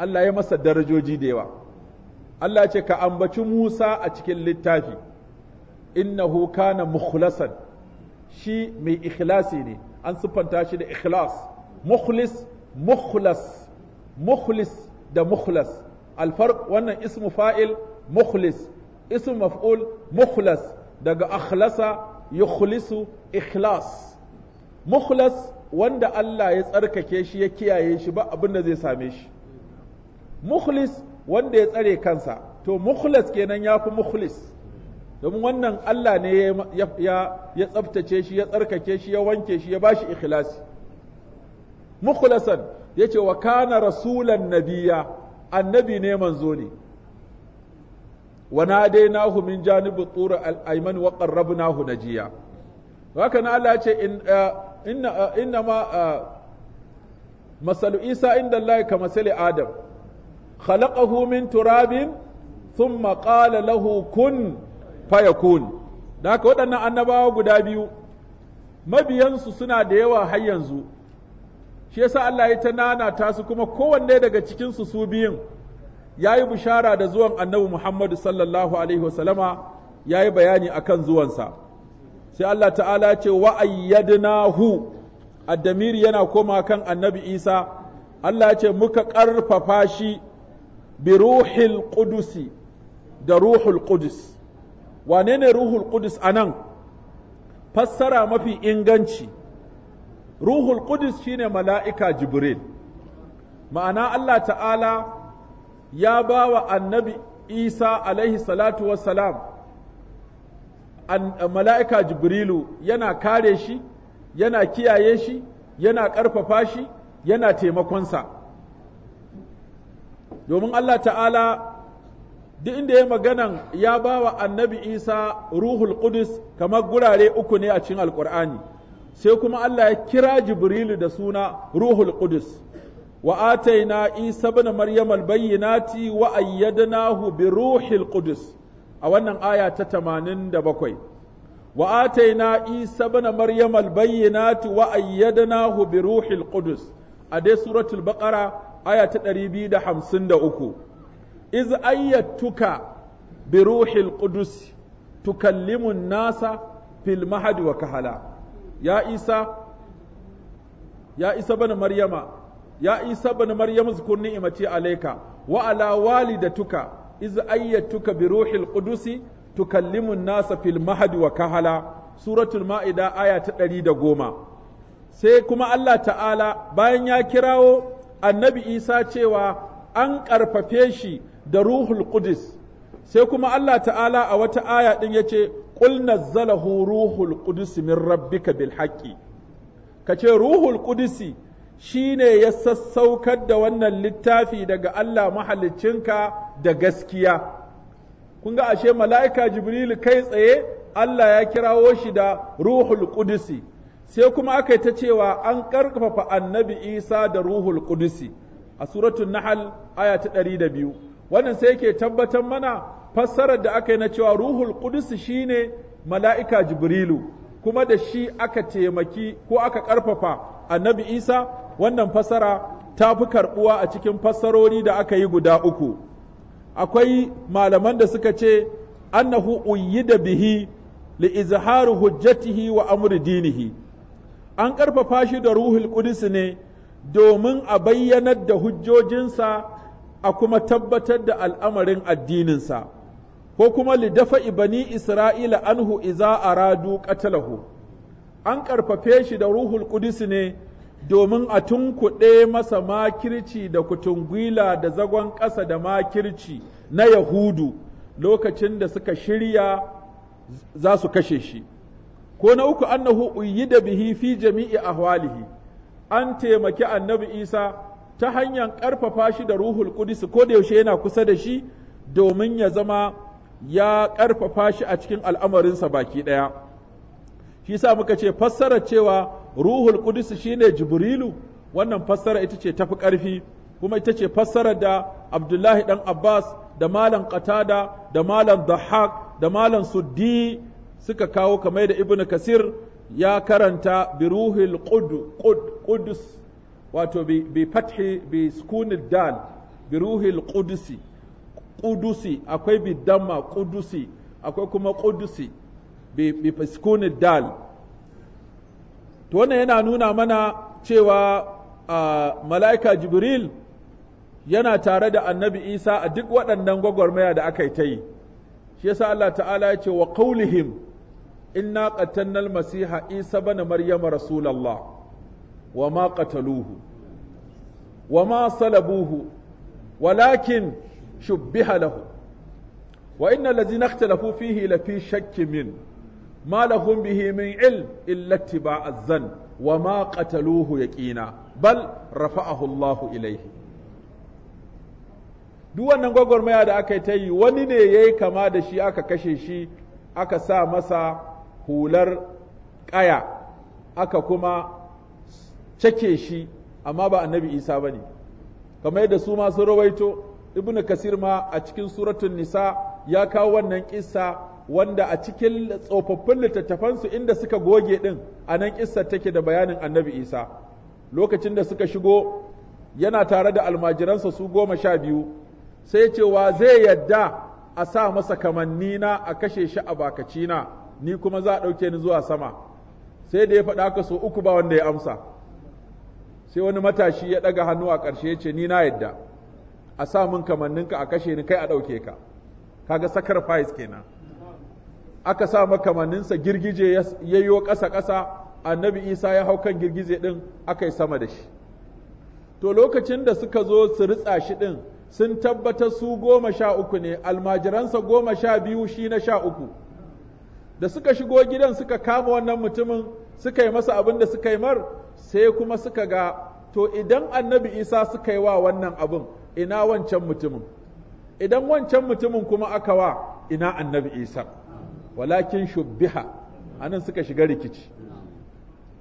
الله يمس درجوجي ديوا الله يتكى أنبت موسى أتكل للتافي إنه كان مخلصا شي من إخلاصيني أن سبحانه إخلاص مخلص مخلص مخلص ده مخلص الفرق وانا اسم فائل mukhlis ism maf'ul mukhlas daga akhlasa yukhlisu ikhlas mukhlas wanda Allah ya tsarkake shi ya kiyaye shi ba abin da zai same shi mukhlis wanda ya tsare kansa to mukhlas kenan yafi fi mukhlis domin wannan Allah ne ya tsaftace shi ya tsarkake shi ya wanke shi ya ba shi bashi ikhlasi ya ce wa kana rasulan nabiyya annabi ne manzo ne wa nadainahu min janibi tur al-ayman wa qarrabnahu najiya haka na Allah ce in uh, inna uh, inna ma uh, masalu Isa inda Allah ka masali Adam khalaqahu min turabin thumma qala lahu kun fayakun da haka waɗannan annabawa guda biyu mabiyansu suna da yawa har yanzu shi yasa Allah ya ta nana ta su kuma kowanne daga cikinsu su biyun ya yi bishara da zuwan annabi Muhammadu sallallahu Alaihi wasallama ya yi bayani a kan zuwansa, sai Allah ta'ala ce wa'ayyadnahu addamiri yana koma kan annabi Isa, Allah ce muka ƙarfafa shi bi ruhil ƙudusi da ruhul ƙudus. Wane ne ruhul ƙudus a nan? Fassara mafi inganci, ruhul ƙudus shine mala'ika Jibril, ma'ana Allah ta'ala ya ba wa annabi isa alaihi salatu wasalam mala'ika jibrilu yana kare shi yana kiyaye shi yana ƙarfafa shi yana taimakonsa domin allah ta'ala duk inda ya maganan ya ba wa annabi isa ruhul qudus kamar gurare uku ne a cikin alkur'ani sai kuma allah ya kira jibrilu da suna ruhul qudus wa ataina isa ibn maryam albayyinati wa ayyadnahu bi ruhil qudus a wannan aya ta 87 wa ataina isa ibn maryam albayyinati wa ayyadnahu bi ruhil qudus a dai suratul baqara aya ta 253 iz ayyatuka bi ruhil qudus tukallimu nasa fil mahdi wa kahala ya isa ya isa bana maryama ya isa bin maryam zkur ni'mati alayka wa ala walidatuka iz ayyatuka bi ruhil qudusi tukallimu an-nasa fil mahdi wa kahala suratul ma'ida aya ta 110 sai kuma Allah ta'ala bayan ya kirawo annabi Isa cewa an ƙarfafe shi da ruhul qudus sai kuma Allah ta'ala a wata aya din yace qul nazzalahu ruhul qudus min rabbika bil haqqi kace ruhul qudusi shi ne ya sassaukar da wannan littafi daga Allah mahalicinka da gaskiya. Kun ga ashe mala'ika Jibrilu kai tsaye Allah ya kirawo shi da Ruhul Ƙudusi, sai kuma aka yi ta cewa an ƙarfafa annabi Isa da Ruhul Ƙudusi a suratun Nahal aya ta ɗari da biyu. Wannan sai yake tabbatar mana fassarar da aka yi na cewa Ruhul kudusi shi ne mala'ika Jibrilu, kuma da shi aka taimaki ko aka ƙarfafa annabi Isa wannan fassara ta fi karɓuwa a cikin fassarori da aka yi guda uku akwai malaman da suka ce annahu uyyida bihi li izharu hujjatihi wa amri dinihi an ƙarfafa shi da ruhul qudus ne domin a bayyanar da hujjojinsa a kuma tabbatar da al'amarin addininsa ko kuma li dafa ibani isra'ila anhu iza aradu qatalahu an ƙarfafe shi da ruhul qudus ne domin a tunkuɗe masa makirci da kutungwila da zagon ƙasa da makirci na Yahudu lokacin da suka shirya za su kashe shi. Ko na uku annahu uyi da bihi fi jami'i hwalihi. an taimaki annabi Isa ta hanyar ƙarfafa shi da ruhul ƙudus ko da yaushe yana kusa da shi domin ya zama ya ƙarfafa shi a cikin al'amarinsa baki ɗaya. Shi sa muka ce fassara cewa ruhul qudus shine jibrilu wannan fassara ita ce tafi ƙarfi kuma ita ce fassara da abdullahi dan abbas da malam qatada da malam dhahak da malam suddi suka kawo kamar da ibnu kasir ya karanta bi ruhul qudus wato bi fathi bi dal bi ruhul qudusi qudusi akwai bi damma qudusi akwai kuma qudusi bi bi dal to wannan yana nuna mana cewa mala'ika jibril yana tare da annabi isa a duk waɗannan gwagwarmaya da aka yi ta yi shi yasa Allah ta'ala ya ce wa qaulihim inna qatalna masiha isa bana maryama rasulullah wa ma ƙataluhu, wa ma salabuhu walakin shubbiha lahu wa inna allazina ikhtalafu fihi fi min ما لهم به من علم إلا اتباع الظن وما قتلوه يقينا بل رفعه الله إليه duk wannan gwagwarmaya da aka yi ta yi wani ne ya yi kama da shi aka kashe shi aka sa masa hular ƙaya aka kuma cake shi amma ba annabi isa ba ne kamar yadda su masu rawaito ibnu kasir ma a cikin suratun nisa ya kawo wannan kissa wanda a cikin tsofaffin littattafansu inda suka goge ɗin a nan ƙissar take da bayanin annabi isa lokacin da suka shigo yana tare da almajiransa su goma sha biyu sai cewa zai yadda a sa masa kamanni na a kashe shi a bakaci na ni kuma za a ɗauke ni zuwa sama sai da ya faɗa ka so uku ba wanda ya amsa sai wani matashi ya ɗaga hannu a ƙarshe ya ce ni na yadda a sa min kamanninka a kashe ni kai a ɗauke ka kaga sacrifice kenan aka sa makamanninsa girgije ya yo ƙasa-ƙasa annabi isa ya hau kan girgije ɗin aka yi sama da shi to lokacin da suka zo su ritsa shi ɗin sun tabbatar su goma sha uku ne almajiransa goma sha biyu shi na sha uku da suka shigo gidan suka kama wannan mutumin suka yi masa abin da suka yi mar sai kuma suka ga to idan annabi isa suka yi wa wannan abin ina wancan mutumin idan wancan mutumin kuma aka wa ina annabi isa walakin shubbiha anan suka shiga rikici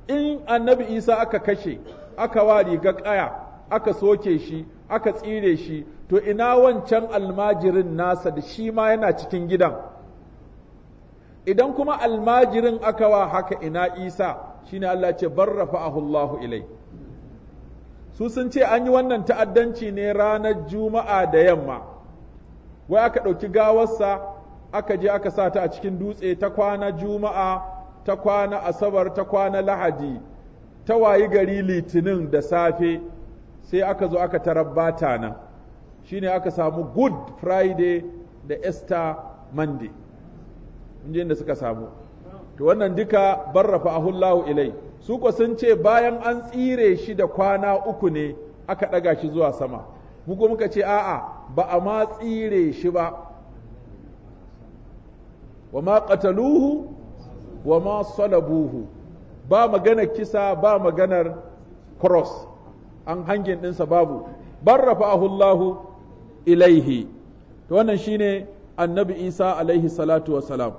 in annabi isa aka kashe aka wa rigar kaya aka soke shi aka tsire shi to ina wancan almajirin nasa da shi ma yana cikin gidan idan kuma almajirin aka wa haka ina isa shine Allah ce barrafa hullahu ilai su sun ce an yi wannan ta'addanci ne ranar juma'a da yamma wai aka ɗauki gawarsa aka je aka sa ta a cikin dutse ta kwana juma'a ta kwana asabar ta kwana lahadi ta wayi gari litinin da safe sai aka zo aka tarabbata nan shine aka samu good friday da easter monday inji inda suka samu to wannan duka barrafa ahullahu ilai su ko sun ce bayan an tsire shi da kwana uku ne aka ɗaga shi zuwa sama Mugu muka ce a'a ba a ma tsire shi ba wa ma qataluhu wa ma salabuhu ba maganar kisa ba maganar cross an hangin ɗinsa babu barrafa Allah ilaihi to wannan shine annabi Isa alaihi salatu salam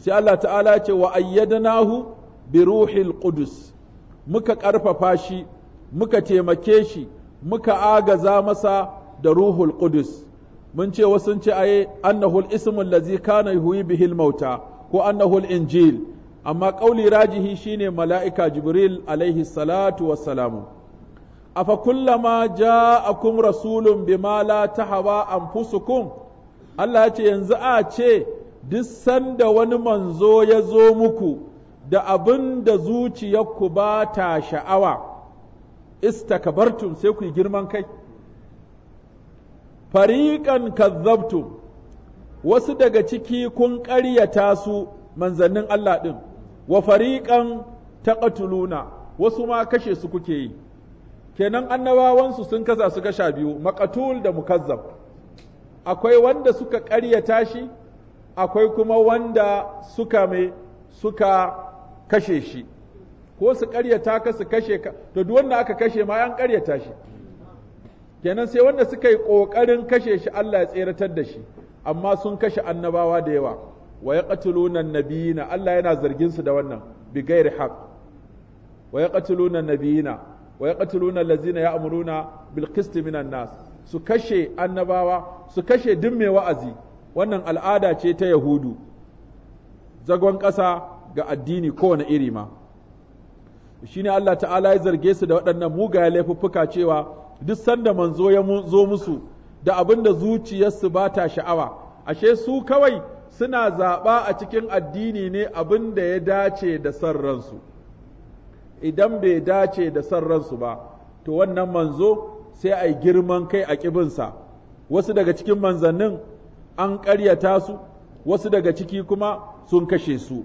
sai Allah ta'ala ce wa ayyadnahu bi ruhil qudus muka ƙarfafa shi muka taimake shi muka agaza masa da ruhul qudus mun ce wasu ce aye annahul ismun lazi kana yuhyi bihil mauta ko annahul injil amma ƙauli rajihi shine mala'ika jibril alaihi salatu wassalamu afa kullama ja'akum rasulun bima la tahawa anfusukum Allah ya ce yanzu a ce duk sanda wani manzo ya zo muku da abin da zuciyarku ba ta sha'awa istakabartum sai ku girman kai fariƙan kazzabtum wasu daga ciki kun ƙaryata su manzannin Allah ɗin, wa fariƙan taƙatuluna wasu ma kashe su kuke yi, kenan annabawansu sun kasa su kasha biyu, maƙatul da mukazzab. Akwai wanda suka ƙaryata shi, akwai kuma wanda suka mai suka kashe shi, ko su ƙaryata ka su kashe ka, to duk wanda aka kashe ma an ƙaryata shi. kenan sai wanda suka yi ƙoƙarin kashe shi Allah ya tseratar da shi amma sun kashe annabawa da yawa wa yaqtuluna nabiyina Allah yana zargin su da wannan bi gairi haq wa yaqtuluna nabiyina wa yaqtuluna allazina ya'muruna bil qist minan nas su kashe annabawa su kashe duk mai wa'azi wannan al'ada ce ta yahudu zagon ƙasa ga addini kowane iri ma shine Allah ta'ala ya zarge su da waɗannan mugayen laifuffuka cewa duk sanda manzo ya zo musu da abin da zuciyarsu ba ta sha'awa ashe su kawai suna zaɓa a cikin addini ne abin da ya dace da san ransu idan bai dace da san ransu ba to wannan manzo sai a yi girman kai a ƙibinsa wasu daga cikin manzannin an ƙaryata su wasu daga ciki kuma sun kashe su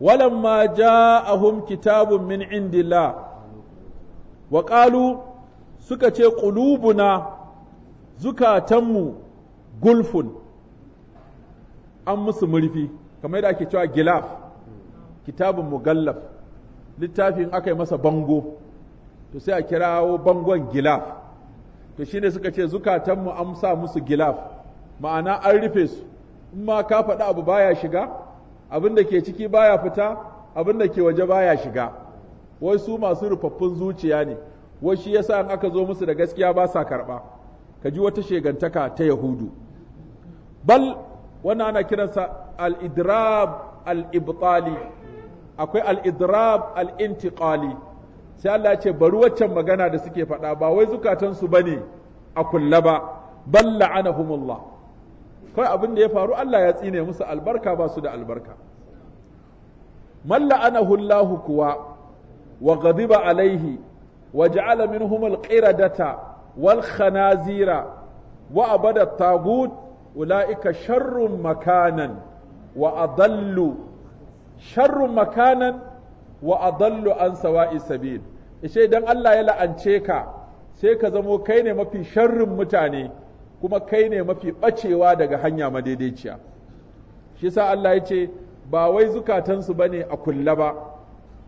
walamma ja'ahum kitabun min indillah wa qalu suka ce ƙulubuna zukatanmu gulfun an musu murfi kamar yadda ake cewa gilaf kitabun mugallaf littafin aka yi masa bango to sai a kirawo bangon gilaf to shine suka ce zukatanmu an sa musu gilaf ma'ana an rufe su in ma ka faɗi abu baya shiga abin da ke ciki baya fita abin da ke waje baya shiga wai su masu rufaffun zuciya ne wai shi yasa in aka zo musu da gaskiya ba sa karɓa ka ji wata shegantaka ta yahudu bal wannan ana kiransa al-idrab al-ibtali akwai al-idrab al-intiqali sai Allah ya ce bari waccan magana da suke faɗa ba wai zukatansu bane a kulla ba bal la'anahumullah kai abin da ya faru Allah ya tsine musu albarka ba su da albarka man la'anahu Allah kuwa wa ghadiba alaihi وجعل منهم القردة والخنازير وأبد الطاغوت أولئك شر مكانا وأضل شر مكانا وأضل عن سواء السبيل ishe dan Allah ya la'ance ka sai ka zamo kai ne mafi sharrin mutane kuma kai ne mafi ɓacewa daga hanya madaidaiciya shi sa Allah ya ce ba wai zukatansu bane a kulla ba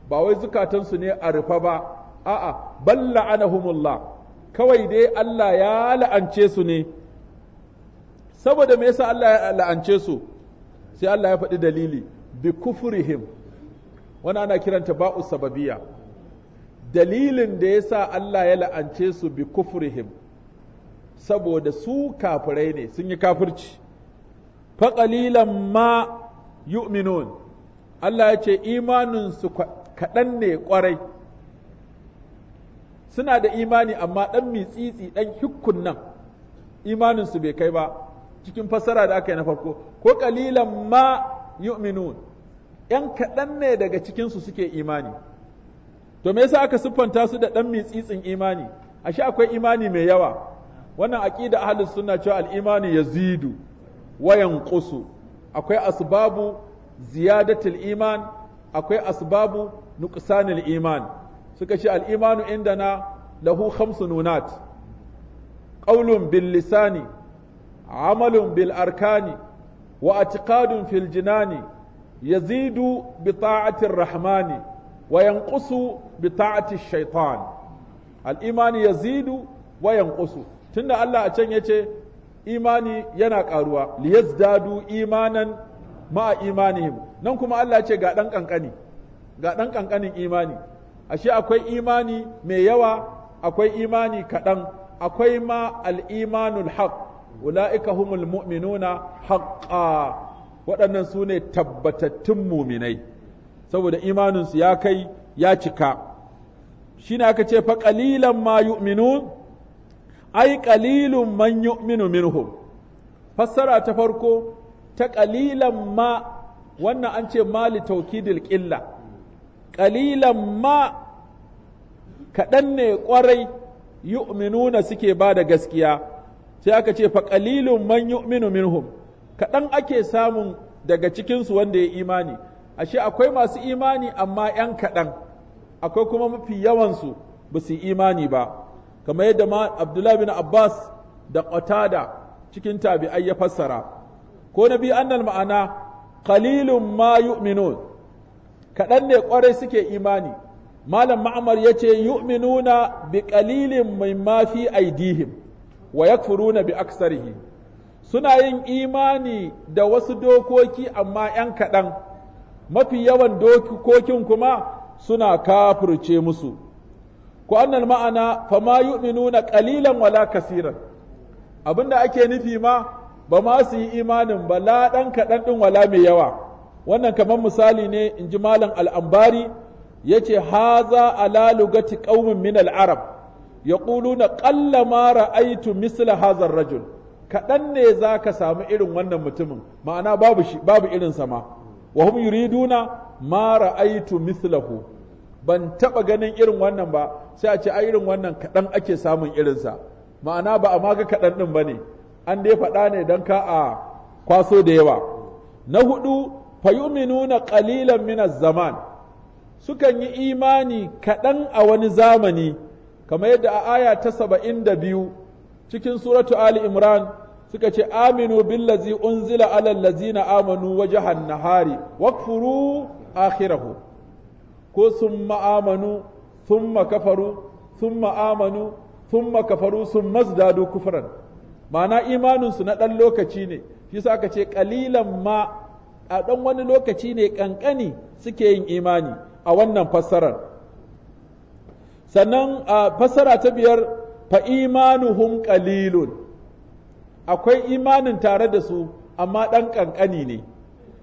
ba wai zukatansu ne a rufe ba a'a bal la'anahumullah kawai dai Allah ya la'ance su ne saboda me yasa Allah ya la'ance su sai Allah ya faɗi dalili bi kufrihim wani ana kiranta ba'u sababiyya dalilin da yasa Allah ya la'ance su bi kufrihim saboda su kafirai ne sun yi kafirci fa qalilan ma yu'minun Allah ya ce su kaɗan ne kwarai. suna da imani amma ɗan mitsitsi ɗan hikkun nan imaninsu bai kai ba cikin fassara da aka yi na farko ko ƙalilan ma yu'minun ‘yan kaɗan ne daga cikinsu suke imani to me yasa aka siffanta su da ɗan mitsitsin imani ashe akwai imani mai yawa wannan aƙida ahlus suna cewa al'imani imani yazidu wayan yanqusu akwai asbabu ziyadatul iman akwai asbabu nuqsanil iman suka ce al'imanu inda na lahu khamsu nunat ƙaulun bil lisani amalun bil arkani wa filjinani, fil jinani yazidu bi rahmani wa yanqusu bi shaitan al'imani yazidu wa tunda Allah a can ya ce imani yana ƙaruwa dadu imanan ma'a imanihim nan kuma Allah ce ga ɗan ƙanƙani ga ɗan ƙanƙanin imani ashe akwai imani mai yawa akwai imani kaɗan akwai ma al'imanul haƙ wula’ika humul mu'minuna haƙƙa waɗannan su ne tabbatattun muminai saboda imaninsu ya kai ya cika shi ne aka ce fa ƙalilan ma yu'minun ai ƙalilun man yu'minu minhum fassara ta farko ta ƙalilan ma wannan an ce mali taukidil ƙilla ƙalilan ma kaɗan ne ƙwarai yu'minuna suke ba da gaskiya sai aka ce fa man yu'minu minhum kaɗan ake samun daga cikinsu wanda ya imani ashe akwai masu imani amma ‘yan kaɗan akwai kuma mafi yawansu ba su imani ba kamar yadda ma Abdullahi bin Abbas da Qatada cikin tabi'ai ya fassara ko na biyu annal ma'ana qalilun ma yu'minun kaɗan ne ƙwarai suke imani malam ma'amar ya ce yu'minuna bi qalilin mimma fi aidihim wa yakfuruna bi aksarihi suna yin imani da wasu dokoki amma ‘yan kaɗan mafi yawan dokokin kuma suna kafurce musu ku annal ma'ana fa ma yu'minuna qalilan wala kasiran abinda ake nufi ma ba ma su yi imanin ba la ɗan kaɗan ɗin wala mai yawa wannan kamar misali ne in ji malam al'ambari ya ce haza laluga lugati ƙaumin min al'arab ya na ƙalla mara aitu misla hazar rajul kaɗan ne za ka samu irin wannan mutumin ma'ana babu, babu irin sama wa hum yuriduna mara aitu mislahu ban taɓa ganin irin wannan ba sai a ce a irin wannan kaɗan ake samun irinsa ma'ana ba a maga kaɗan ɗin ba ne an dai faɗa ne don ka a kwaso da yawa na huɗu. fayuminuna ƙalilan min zaman sukan yi imani kaɗan a wani zamani kamar yadda a aya ta saba'in da biyu cikin suratu Ali Imran suka ce aminu billazi unzila alal lazina amanu wajhan nahari wakfuru akhirahu ko summa amanu summa kafaru summa amanu summa kafaru summa zdadu kufran ma'ana imaninsu na ɗan lokaci ne shi sa aka ce ƙalilan ma a ɗan wani lokaci ne ƙanƙani suke yin imani a wannan fassarar sannan a fassara ta biyar fa imanuhum ƙalilun, akwai imanin tare da su amma ɗan ƙanƙani ne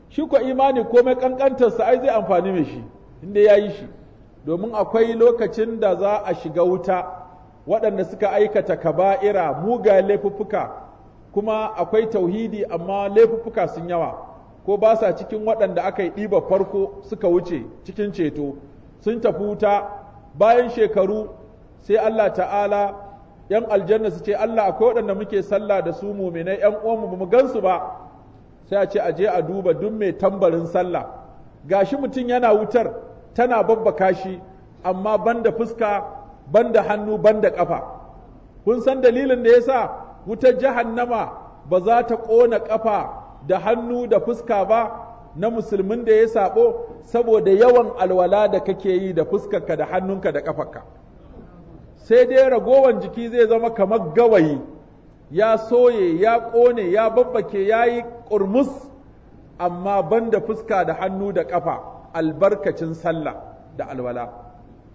shi ko imani komai ƙanƙantarsa ai zai amfani mai shi inda ya yi shi domin akwai lokacin da za a shiga wuta waɗanda suka aikata kaba'ira muga laifuffuka kuma akwai tauhidi amma laifuffuka sun yawa ko ba sa cikin waɗanda aka yi ɗiba farko suka wuce cikin ceto sun tafi wuta bayan shekaru sai Allah ta'ala ‘yan aljanna su ce Allah akwai waɗanda muke sallah da su muminai ‘yan uwanmu ba mu gansu ba sai a ce aje a duba duk mai tambarin sallah gashi mutum yana wutar tana babbaka shi amma banda fuska banda hannu banda ƙafa kun san dalilin da yasa wutar jahannama ba za ta ƙona ƙafa da hannu da fuska ba na musulmin da ya sabo saboda yawan alwala da kake yi da fuskarka da hannunka da kafarka sai dai ragowan jiki zai zama kamar gawayi ya soye ya ƙone ya babbake ya yi ƙurmus amma banda fuska da hannu da ƙafa albarkacin sallah da alwala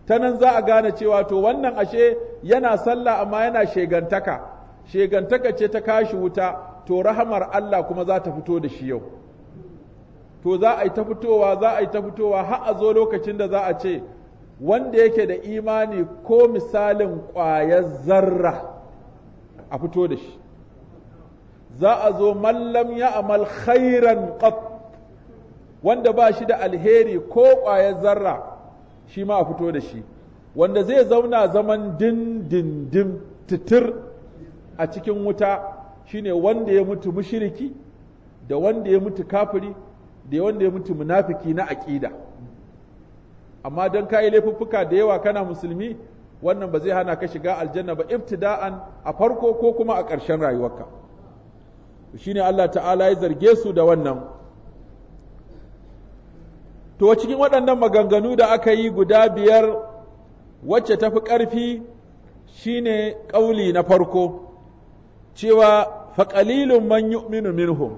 ta nan za a gane cewa to wannan ashe yana sallah amma yana shegantaka shegantaka ce ta kashi wuta to rahamar Allah kuma za ta fito da shi yau to za a yi ta fitowa za a yi ta fitowa har a zo lokacin da za a ce wanda yake da imani ko misalin ƙwayar zarra a fito da shi za a zo mallam ya amal khairan qat wanda ba shi da alheri ko ƙwayar zarra shi ma a fito da shi wanda zai zauna zaman dindindin titir a cikin wuta shine wanda ya mutu mushiriki, da wanda ya mutu kafiri da wanda ya mutu munafiki na aƙida amma don kayi laifuffuka da yawa kana musulmi wannan ba zai hana ka shiga aljanna ba ibtida'an a farko ko kuma a ƙarshen rayuwarka shine Allah ta'ala ya zarge su da wannan to cikin waɗannan maganganu da aka yi guda biyar wacce tafi ƙarfi shine ƙauli na farko cewa faƙalilun man yu'minu minhum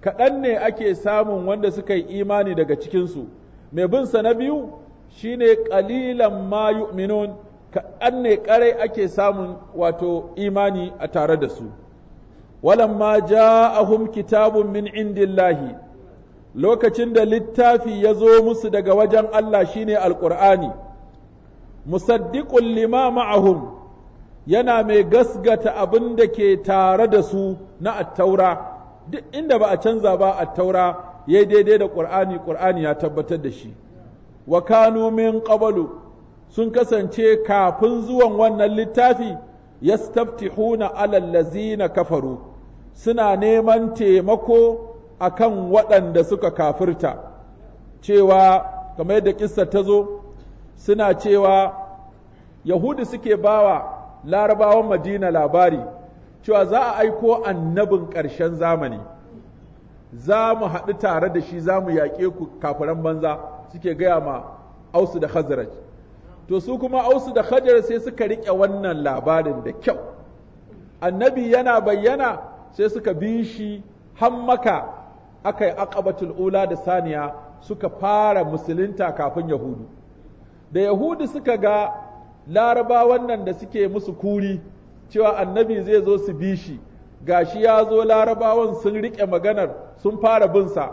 kaɗan ne ake samun wanda suka yi imani daga cikinsu mai bin sa na biyu shine ƙalilan ma yu'minun kaɗan ne ƙarai ake samun wato imani a tare da su walamma ja'ahum kitabun min indillahi lokacin da littafi ya zo musu daga wajen Allah shine alƙur'ani musaddiqun lima ma'ahum yana mai gasgata abin da ke tare da su na attaura duk inda ba a canza ba attaura ya yi daidai da ƙur'ani ƙur'ani ya tabbatar da shi wa kanu min ƙabalu sun kasance kafin zuwan wannan littafi ya huna alallazi na kafaru suna neman taimako a kan waɗanda suka kafirta cewa kamar yadda ƙisa ta zo suna cewa yahudi suke bawa larabawan madina labari cewa za a aiko annabin ƙarshen zamani za mu haɗu tare da shi za mu yaƙe ku kafiran banza suke gaya ma ausu da hajjara to su kuma ausu da hajjara sai suka riƙe wannan labarin da kyau annabi yana bayyana sai suka bi shi hammaka aka yi aqabatul ula da saniya suka fara musulunta kafin yahudu da yahudu suka ga laraba wannan da suke musu kuri cewa annabi zai zo su bi shi gashi ya zo larabawan sun riƙe maganar sun fara binsa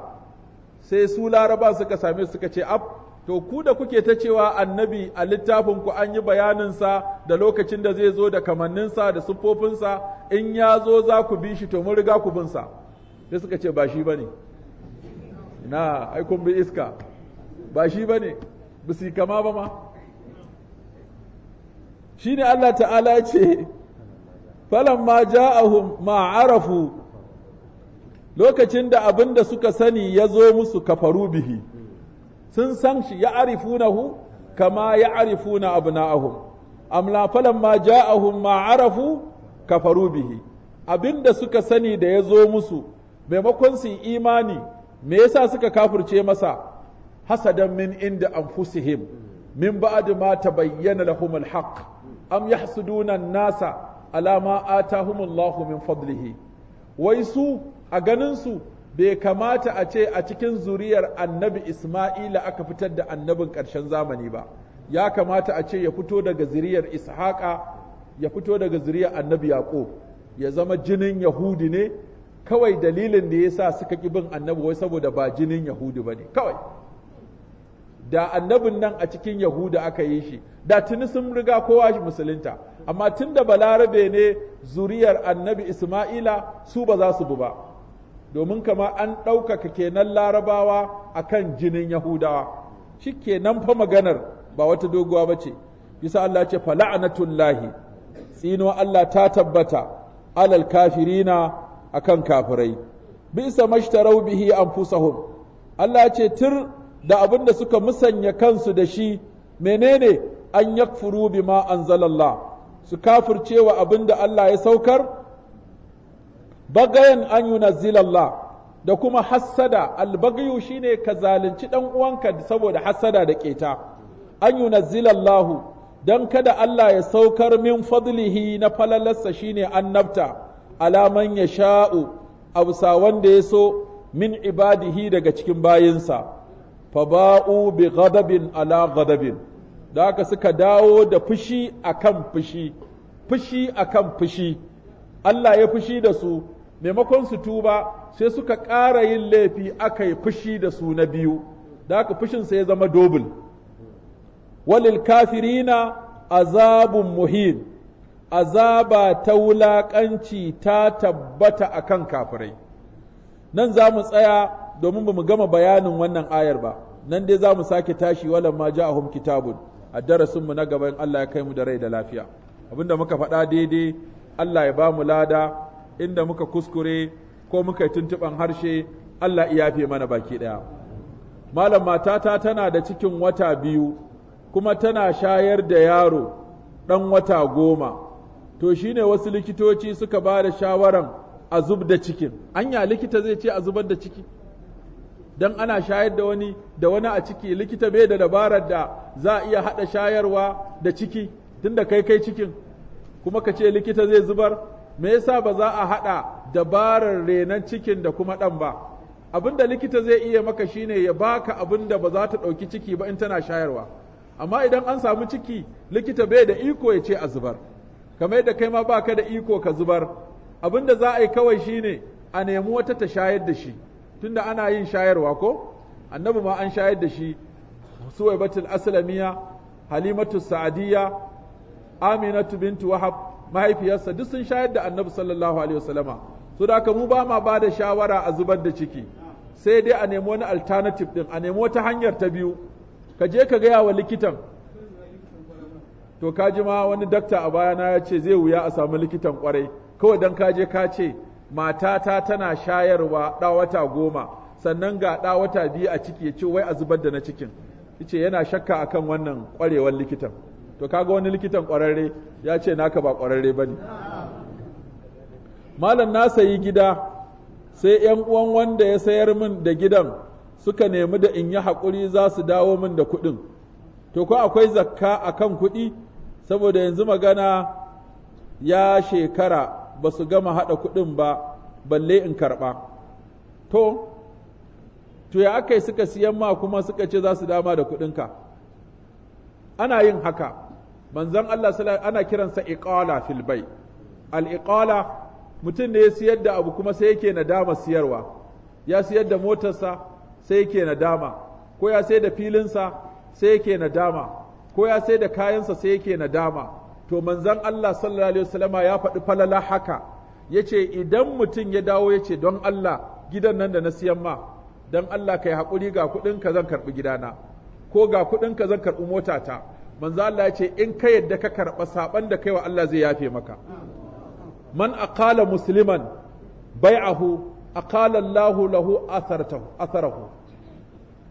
sai su laraba suka same suka ce ab to ku da kuke ta cewa annabi a littafin ku an yi bayaninsa da lokacin da zai zo da kamanninsa da siffofinsa in ya zo za ku bi shi to mun riga ku binsa sai suka ce ba shi ba ne na ai bi iska ba shi ba ne ba su kama ba ma shine Allah ta'ala ce ma ja'ahum ma arafu lokacin da abin da suka sani ya zo musu kafaru bihi sun san shi ya arifunahu kama ya arifuna abna'ahum amla ma ja'ahum ma arafu kafaru bihi abin da suka sani da ya zo musu maimakon su imani me yasa suka kafirce masa hasadan min inda anfusihim min ba'd ma tabayyana lahumul haqq am yahsuduna nasa alama atahumullahu min fadlihi wai su a ganin su bai kamata a ce a cikin zuriyar annabi Isma'ila aka fitar da annabin ƙarshen zamani ba ya kamata a ce ya fito daga zuriyar Ishaqa ya fito daga zuriyar annabi Yaqub ya zama jinin Yahudi ne kawai dalilin da yasa suka ƙi bin annabi wai saboda ba jinin Yahudi bane kawai da annabin nan a cikin Yahuda aka yi shi da tuni sun riga kowa shi musulunta amma tunda balarabe ne zuriyar annabi Isma'ila su ba za su bu ba domin kama an ɗaukaka kenan larabawa akan jinin Yahudawa shi nan fa maganar ba wata doguwa ba ce bisa Allah ce fala'anatullahi tsino Allah ta tabbata alal kafirina akan kafirai bisa mashtarau bihi anfusahum Allah ce tur da abin da suka musanya kansu da shi menene an yakfuru bima anzalallah su kafirce wa abin da Allah ya saukar bagayan an yunazzilallah da kuma hassada albagyu shine ka zalunci dan uwanka saboda hassada da keta an yunazzilallahu dan kada Allah ya saukar min fadlihi na falalarsa shine annabta alaman ya sha'u abusa wanda ya so min ibadihi daga cikin bayinsa faba'u bi ghadabin ala ghadabin da haka suka dawo da fushi akan fushi fushi akan fushi Allah ya fushi da su maimakon su tuba sai suka ƙara yin laifi aka yi fushi da su na biyu da haka fushin sai ya zama dobul walil kafirina azabun muhin azaba ta wulaƙanci ta tabbata akan kafirai nan za mu tsaya domin ba mu gama bayanin wannan ayar ba nan dai za mu sake tashi walan ma ahum kitabun a darasinmu na gaba in Allah ya kai mu da rai da lafiya abinda muka faɗa daidai Allah ya ba mu lada inda muka kuskure ko muka tuntuban harshe Allah ya yafe mana baki ɗaya malam matata tana da cikin wata biyu kuma tana shayar da yaro ɗan wata goma to shine wasu likitoci suka ba da shawaran a zub da cikin anya likita zai ce a zubar da ciki dan ana shayar da wani da wani a ciki likita bai da dabarar da za a iya haɗa shayarwa da ciki da kai kai cikin kuma ka ce likita zai zubar me yasa ba za a haɗa dabarar renan cikin da kuma ɗan ba abin da likita zai iya maka shine ya baka abin da ba za ta ɗauki ciki ba in tana shayarwa amma idan an samu ciki likita bai da iko ya ce a zubar kamar yadda kai ma baka da iko ka zubar abin da za a yi kawai shine a nemi wata ta shayar da shi tunda ana yin shayarwa ko annabi ma an shayar da shi suwaibatul aslamiya halimatu sa'adiyya aminatu bintu wahab mahaifiyarsa duk sun shayar da annabi sallallahu alaihi wasallama so da haka mu ba ma ba da shawara a zubar da ciki sai dai a nemi wani alternative din a nemi wata hanyar ta biyu ka je ka gaya wa likitan to ka ji ma wani dakta a bayana ya ce zai wuya a samu likitan kwarai kawai dan ka je ka ce matata tana shayarwa ɗawata wata goma sannan ga ɗa wata biyu a ciki ya ce wai a zubar da na cikin ice yana shakka akan wannan ƙwarewar likitan to kaga wani likitan kwararre ya ce naka ba ƙwararre ne. malam na sayi gida sai ‘yan uwan wanda ya sayar min da gidan suka nemi da in yi haƙuri za su dawo min da kuɗin, to ko akwai zakka a kan kuɗi, saboda yanzu magana ya shekara ba su gama haɗa kuɗin ba balle in karɓa to to ya aka yi suka siyan ma kuma suka ce za su dama da kuɗinka ana yin haka manzon Allah ana kiransa iqala fil al iqala mutum ne ya siyar da abu kuma sai yake nadama siyarwa ya siyar da motarsa sai yake nadama ko ya sai da filinsa sai yake nadama ko ya sai da kayansa sai yake nadama to manzon Allah sallallahu alaihi wasallama ya faɗi falala haka yace idan mutum ya dawo yace don Allah gidan nan da na siyan ma don Allah kai hakuri ga kuɗin ka zan karɓi gidana ko ga kuɗin ka zan karɓi ta manzo Allah ya ce in ka yadda ka karɓa saban da kai wa Allah zai yafe maka man aqala musliman bai'ahu aqala Allah lahu athartahu atharahu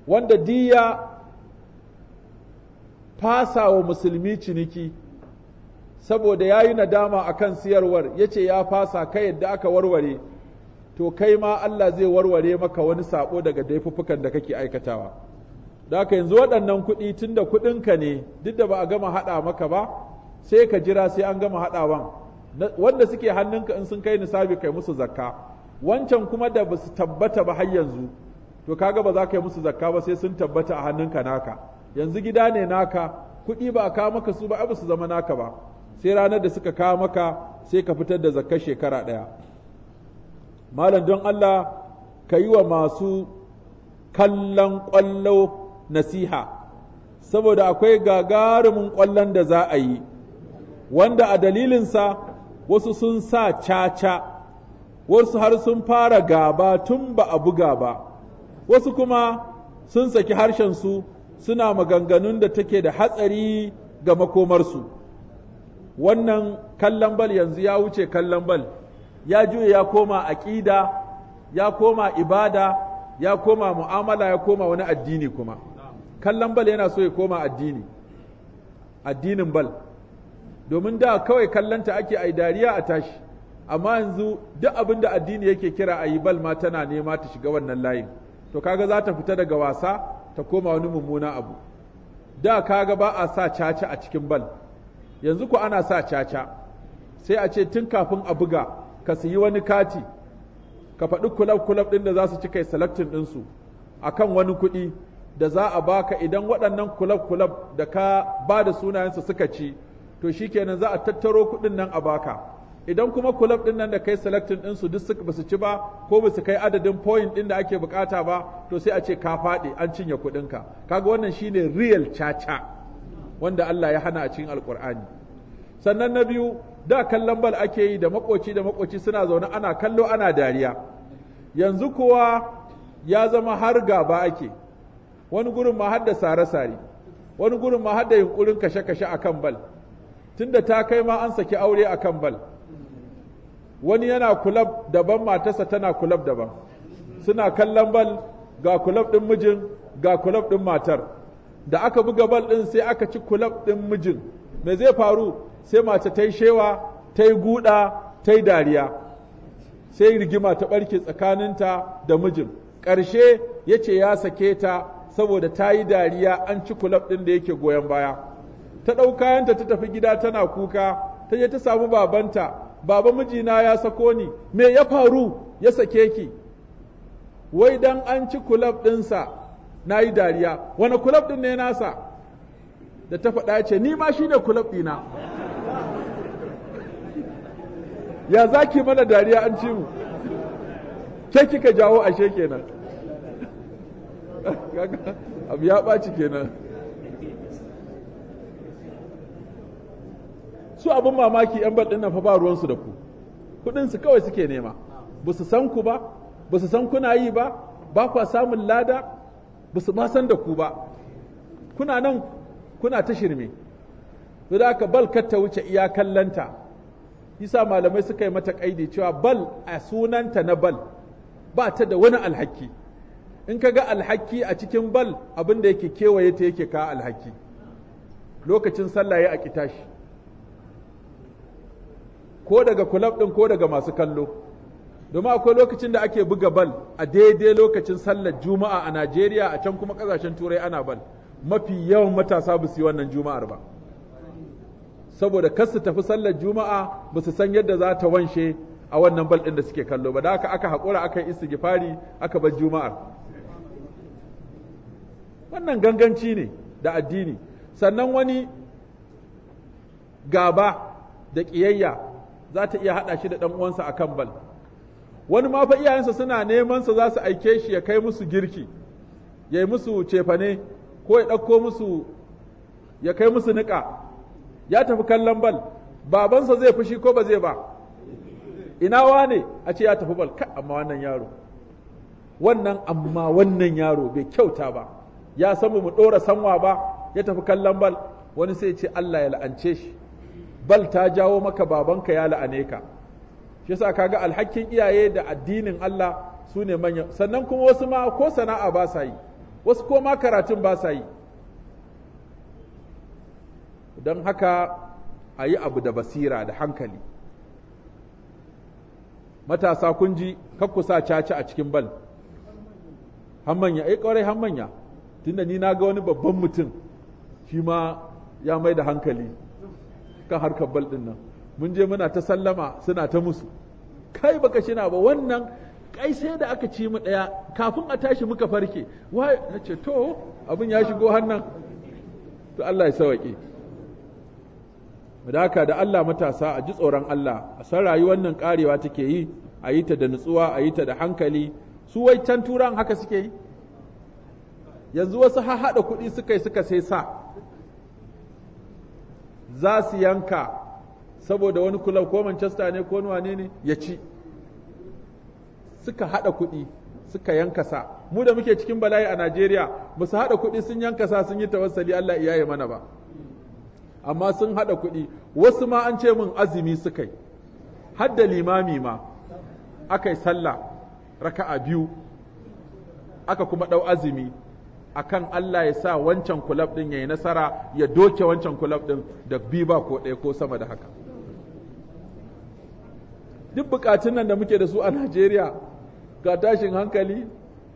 wanda diya fasa wa musulmi ciniki saboda ya yi nadama a kan siyarwar ya ce ya fasa kai yadda aka warware to kai ma Allah zai warware maka wani sabo daga daifuffukan da kake aikatawa da aka yanzu waɗannan kuɗi tun da kuɗinka ne duk da ba a gama haɗa maka ba sai ka jira sai an gama haɗawan wanda suke hannunka in sun kai nisabi kai musu zakka wancan kuma da ba su tabbata ba har yanzu to kaga ba za ka yi musu zakka ba sai sun tabbata a hannunka naka yanzu gida ne naka kuɗi ba a kawo maka su ba ai su zama naka ba sai ranar da suka kawo maka sai ka fitar da zakar shekara ɗaya malam don Allah ka yi wa masu kallon ƙwallo nasiha saboda akwai gagarumin ƙwallon da za a yi wanda a dalilinsa wasu sun sa caca wasu har sun fara gaba tun ba a buga ba wasu kuma sun saki harshensu suna maganganun da take da hatsari ga makomarsu wannan kallon bal yanzu ya wuce kallon bal ya juya ya koma aƙida ya koma ibada ya koma mu'amala ya koma wani addini kuma kallon bal yana so ya koma addini addinin bal domin da kawai kallonta ake ayi dariya a tashi amma yanzu duk abin da addini yake kira a yi bal ma tana nema ta shiga wannan layin to kaga za ta fita daga wasa ta koma wani mummuna abu da kaga ba a sa caca a cikin bal yanzu ku ana sa caca sai a ce tun kafin a buga ka siyi wani kati ka faɗi kulab-kulab ɗin da za su ci kai selectin ɗinsu a kan wani kuɗi da za a baka idan waɗannan kulab-kulab da ka ba da sunayensu suka ci to shi kenan za a tattaro kuɗin nan a baka idan kuma kulab ɗin nan da kai selectin ɗinsu duk ba su ci ba ko ba su kai adadin point ɗin da ake bukata ba to sai a ce ka faɗi an cinye kuɗinka kaga wannan shine real caca wanda Allah ya hana a cikin alkur'ani sannan na biyu da kallon bal ake yi da makoci da makoci suna zaune ana kallo ana dariya yanzu kuwa ya zama har gaba ake wani gurin ma har sare-sare wani gurin ma har yunkurin kashe-kashe akan bal tunda ta kai ma an saki aure akan bal wani yana kulab daban matarsa tana kulab daban suna kallon bal ga kulab ɗin mijin ga kulab ɗin matar da aka buga bal ɗin sai aka ci kulab ɗin mijin me zai faru sai mace ta yi shewa ta yi guda ta yi dariya sai rigima ta ɓarke tsakaninta da mijin ƙarshe ya ce ya sake ta saboda ta yi dariya an ci kulab ɗin da yake goyon baya ta ɗau kayanta ta tafi gida tana kuka ta je ta samu babanta baba mijina ya sako ni me ya faru ya sake ki wai dan an ci kulab ɗinsa na yi dariya wani kulab din ne nasa da ta faɗa ce ni ma shi ne kulab ɗina ya za ki mana dariya an ci mu ke kika jawo ashe kenan abu ya ɓaci kenan su abin mamaki 'yan baɗin nan fa ba ruwansu da ku kuɗinsu kawai suke nema ba su san ku ba ba su san kuna yi ba ba kwa samun lada ba su da ku ba kuna nan kuna ta shirme da aka bal kar ta wuce iya kallanta isa malamai suka yi mata kaidi cewa bal a sunanta na bal ba ta da wani alhaki in ka ga alhaki a cikin bal abin da yake kewaye ta yake ka alhaki lokacin sallah ya aki tashi ko daga kulab ɗin ko daga masu kallo domin akwai lokacin da ake buga bal a daidai lokacin sallar juma'a a Najeriya a can kuma kasashen turai ana bal mafi yawan matasa ba su yi wannan juma'ar ba saboda kar su tafi sallar juma'a ba su san yadda za ta wanshe a wannan bal ɗin da suke kallo ba da aka aka haƙura aka yi istighfari aka bar juma'ar wannan ganganci ne da addini sannan wani gaba da ƙiyayya za ta iya haɗa shi da ɗan uwansa akan bal wani ma fa iyayensa suna neman sa za su aike shi ya kai musu girki ya yi musu cefane ko ya ɗauko musu ya kai musu niƙa ya tafi kallon bal babansa zai fushi ko ba zai ba ina wane a ce ya tafi bal ka amma wannan yaro wannan amma wannan yaro bai kyauta ba ya san mu ɗora sanwa ba ya tafi kallon bal wani sai ce Allah ya la'ance shi bal ta jawo maka babanka ya la'ane ka shi yasa kaga alhakin iyaye da addinin Allah su ne manyan sannan kuma wasu ma ko sana'a ba sa yi wasu ko ma karatun ba sa yi don haka a yi abu da basira da hankali matasa kun ji sa caci a cikin bal hammanya ai eh, kwarai hammanya tunda ni na ga wani babban mutum shi ma ya mai da hankali kan harkar bal ɗin nan mun je muna ta sallama suna ta musu kai baka shina ba wannan kai sai da aka ci mu ɗaya kafin a tashi muka farke wai na to abin ya shigo hannan to Allah ya sauke Mudaka da Allah matasa a ji tsoron Allah a san rayuwar nan karewa take yi a yi ta da nutsuwa a yi ta da hankali su wai can turan haka suke yi yanzu wasu haɗa kuɗi suka yi suka sai sa za su yanka saboda wani kulab ko Manchester ne ko wane ne ya ci suka haɗa kuɗi suka yanka mu da muke cikin bala'i a Najeriya musu su haɗa kuɗi sun yanka sa sun yi tawassali Allah yi mana ba amma sun haɗa kuɗi wasu ma an ce min azumi suka yi har da limami ma aka yi sallah raka'a biyu aka kuma ɗau azumi akan Allah ya sa wancan kulab ɗin ya yi nasara ya doke wancan kulab ɗin da biba ba ko ɗaya ko sama da haka duk bukatun nan da muke da su a Najeriya ga tashin hankali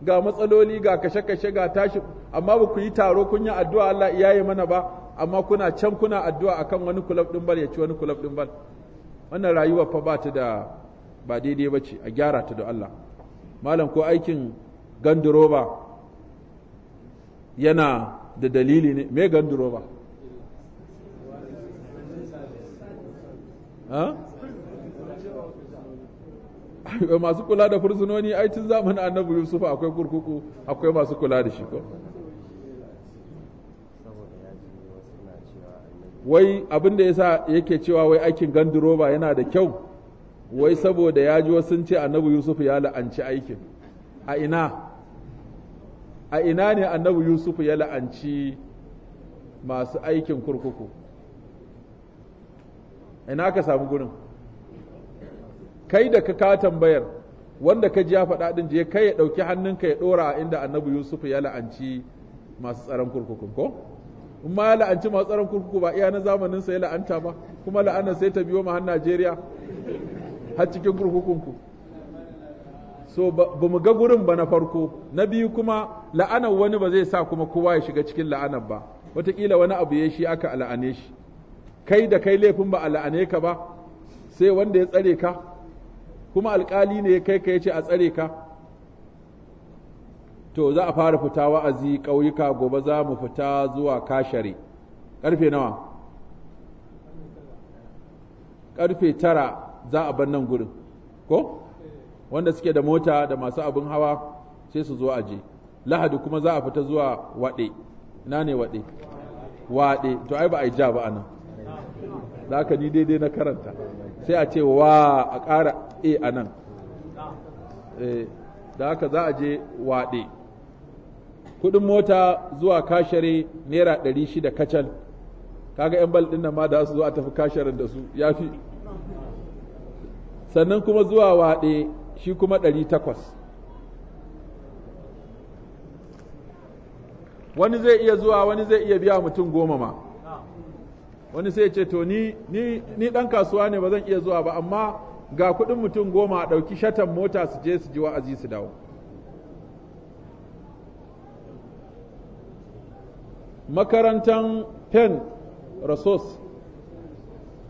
ga matsaloli ga kashe-kashe ga tashi amma ba ku yi taro kun yi addu'a Allah ya yi mana ba amma kuna can kuna addu'a akan wani kulab din bal ya ci wani kulab din bal wannan rayuwa fa ba ta da ba daidai ba ce a gyara ta da Allah malam ko aikin ganduroba yana da dalili ne me ganduroba ha masu kula da fursunoni ai tun zamanin annabi yusuf akwai kurkuku akwai masu kula da shi ko wai abin da yasa yake cewa wai aikin ganduroba yana da kyau wai saboda ya ji wasu ce annabi yusuf ya la'anci aikin a ina a ina ne annabi yusuf ya la'anci masu aikin kurkuku ina ka samu gurin kai da ka ka tambayar wanda ka ji ya faɗa ɗin je kai ya ɗauki hannunka ya ɗora a inda annabi Yusuf ya la'anci masu tsaron kurkukun ko in ma ya la'anci masu tsaron kurkuku ba iya na zamanin sa ya la'anta ba kuma la'anar sai ta biyo ma har Najeriya har cikin kurkukunku. so ba mu ga gurin ba na farko na biyu kuma la'anar wani ba zai sa kuma kowa ya shiga cikin la'anar ba wataƙila wani abu ya shi aka la'ane shi kai da kai laifin ba a la'ane ka ba sai wanda ya tsare ka kuma alƙali ne kai ka yace a tsare ka to za a fara fita wa'azi ƙauyuka gobe za mu fita zuwa kashare ƙarfe nawa ƙarfe tara za a bar nan gurin ko wanda suke da mota da masu abin hawa sai su zo aje lahadi kuma za a fita zuwa waɗe na ne waɗe waɗe to ai ba a yi ja ba nan. za ka ni daidai na karanta sai a ce wa a ƙara a a nan eh, da haka za a je waɗe kudin mota zuwa kashare naira ɗari shida kacal kaga yan bal ɗin ma da su zo a tafi kasharen da su ya fi sannan kuma zuwa waɗe shi kuma ɗari takwas wani zai iya zuwa wani zai iya biya mutum goma ma wani sai ce to ni ni ɗan kasuwa ne ba zan iya zuwa ba amma ga kudin mutum goma a ɗauki shatan mota su je su ji wa'azi su dawo makarantar pen rasos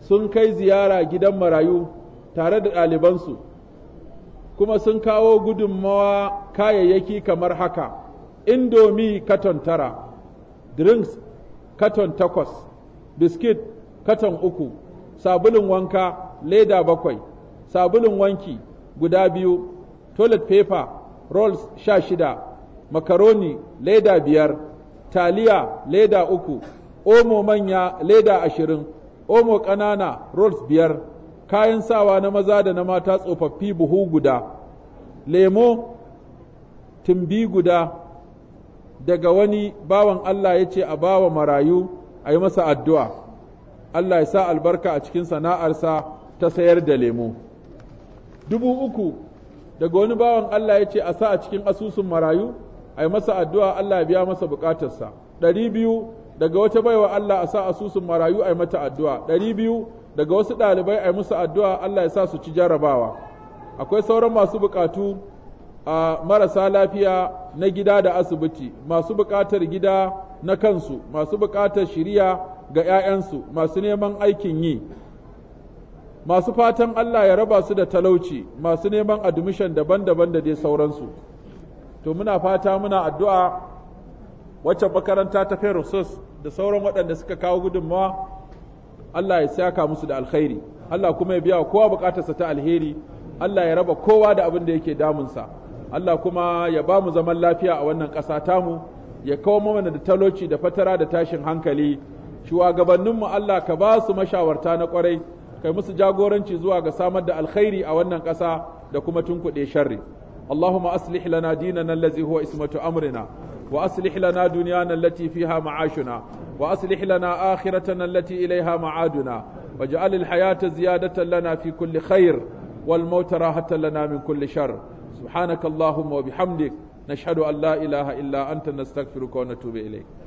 sun kai ziyara gidan marayu tare da ɗalibansu kuma sun kawo gudunmawa kayayyaki kamar haka indomi katon tara drinks katon takwas biskit katon uku sabulun wanka leda bakwai sabulun wanki guda biyu toilet paper rolls sha shida makaroni leda biyar taliya leda uku omo manya leda ashirin omo ƙanana rolls biyar kayan sawa na maza da na mata tsofaffi buhu guda lemo tumbi guda daga wani bawan Allah ya ce a bawa marayu a yi masa addu'a Allah ya sa albarka a cikin sana'arsa ta sayar da lemo dubu uku daga wani bawan Allah ya ce a sa a cikin asusun marayu a yi masa addu'a Allah ya biya masa bukatarsa ɗari biyu daga wata baiwa Allah a sa asusun marayu a yi mata addu'a ɗari biyu daga wasu ɗalibai a yi musu addu'a Allah ya sa su ci jarabawa akwai sauran masu bukatu a marasa lafiya na gida da asibiti masu bukatar gida na kansu masu bukatar shirya ga ‘ya'yansu masu neman aikin yi masu fatan Allah ya raba su da talauci masu neman admission daban-daban da dai sauransu to muna fata muna addu'a wacce makaranta ta Ferusus da sauran waɗanda suka kawo gudunmawa Allah ya saka musu da alkhairi Allah kuma ya biya kowa bukatarsa ta alheri Allah ya raba kowa da abin da yake damunsa Allah kuma ya ba mu zaman lafiya a wannan ƙasa mu ya kawo mana da talauci da fatara da tashin hankali shugabanninmu Allah ka ba su mashawarta na kwarai. kai musu jagoranci zuwa ga samar da alkhairi a wannan ƙasa da kuma tunkuɗe sharri اللهم أصلح لنا ديننا الذي هو اسمة أمرنا وأصلح لنا دنيانا التي فيها معاشنا وأصلح لنا آخرتنا التي إليها معادنا واجعل الحياة زيادة لنا في كل خير والموت راحة لنا من كل شر سبحانك اللهم وبحمدك نشهد أن لا إله إلا أنت نستغفرك ونتوب إليك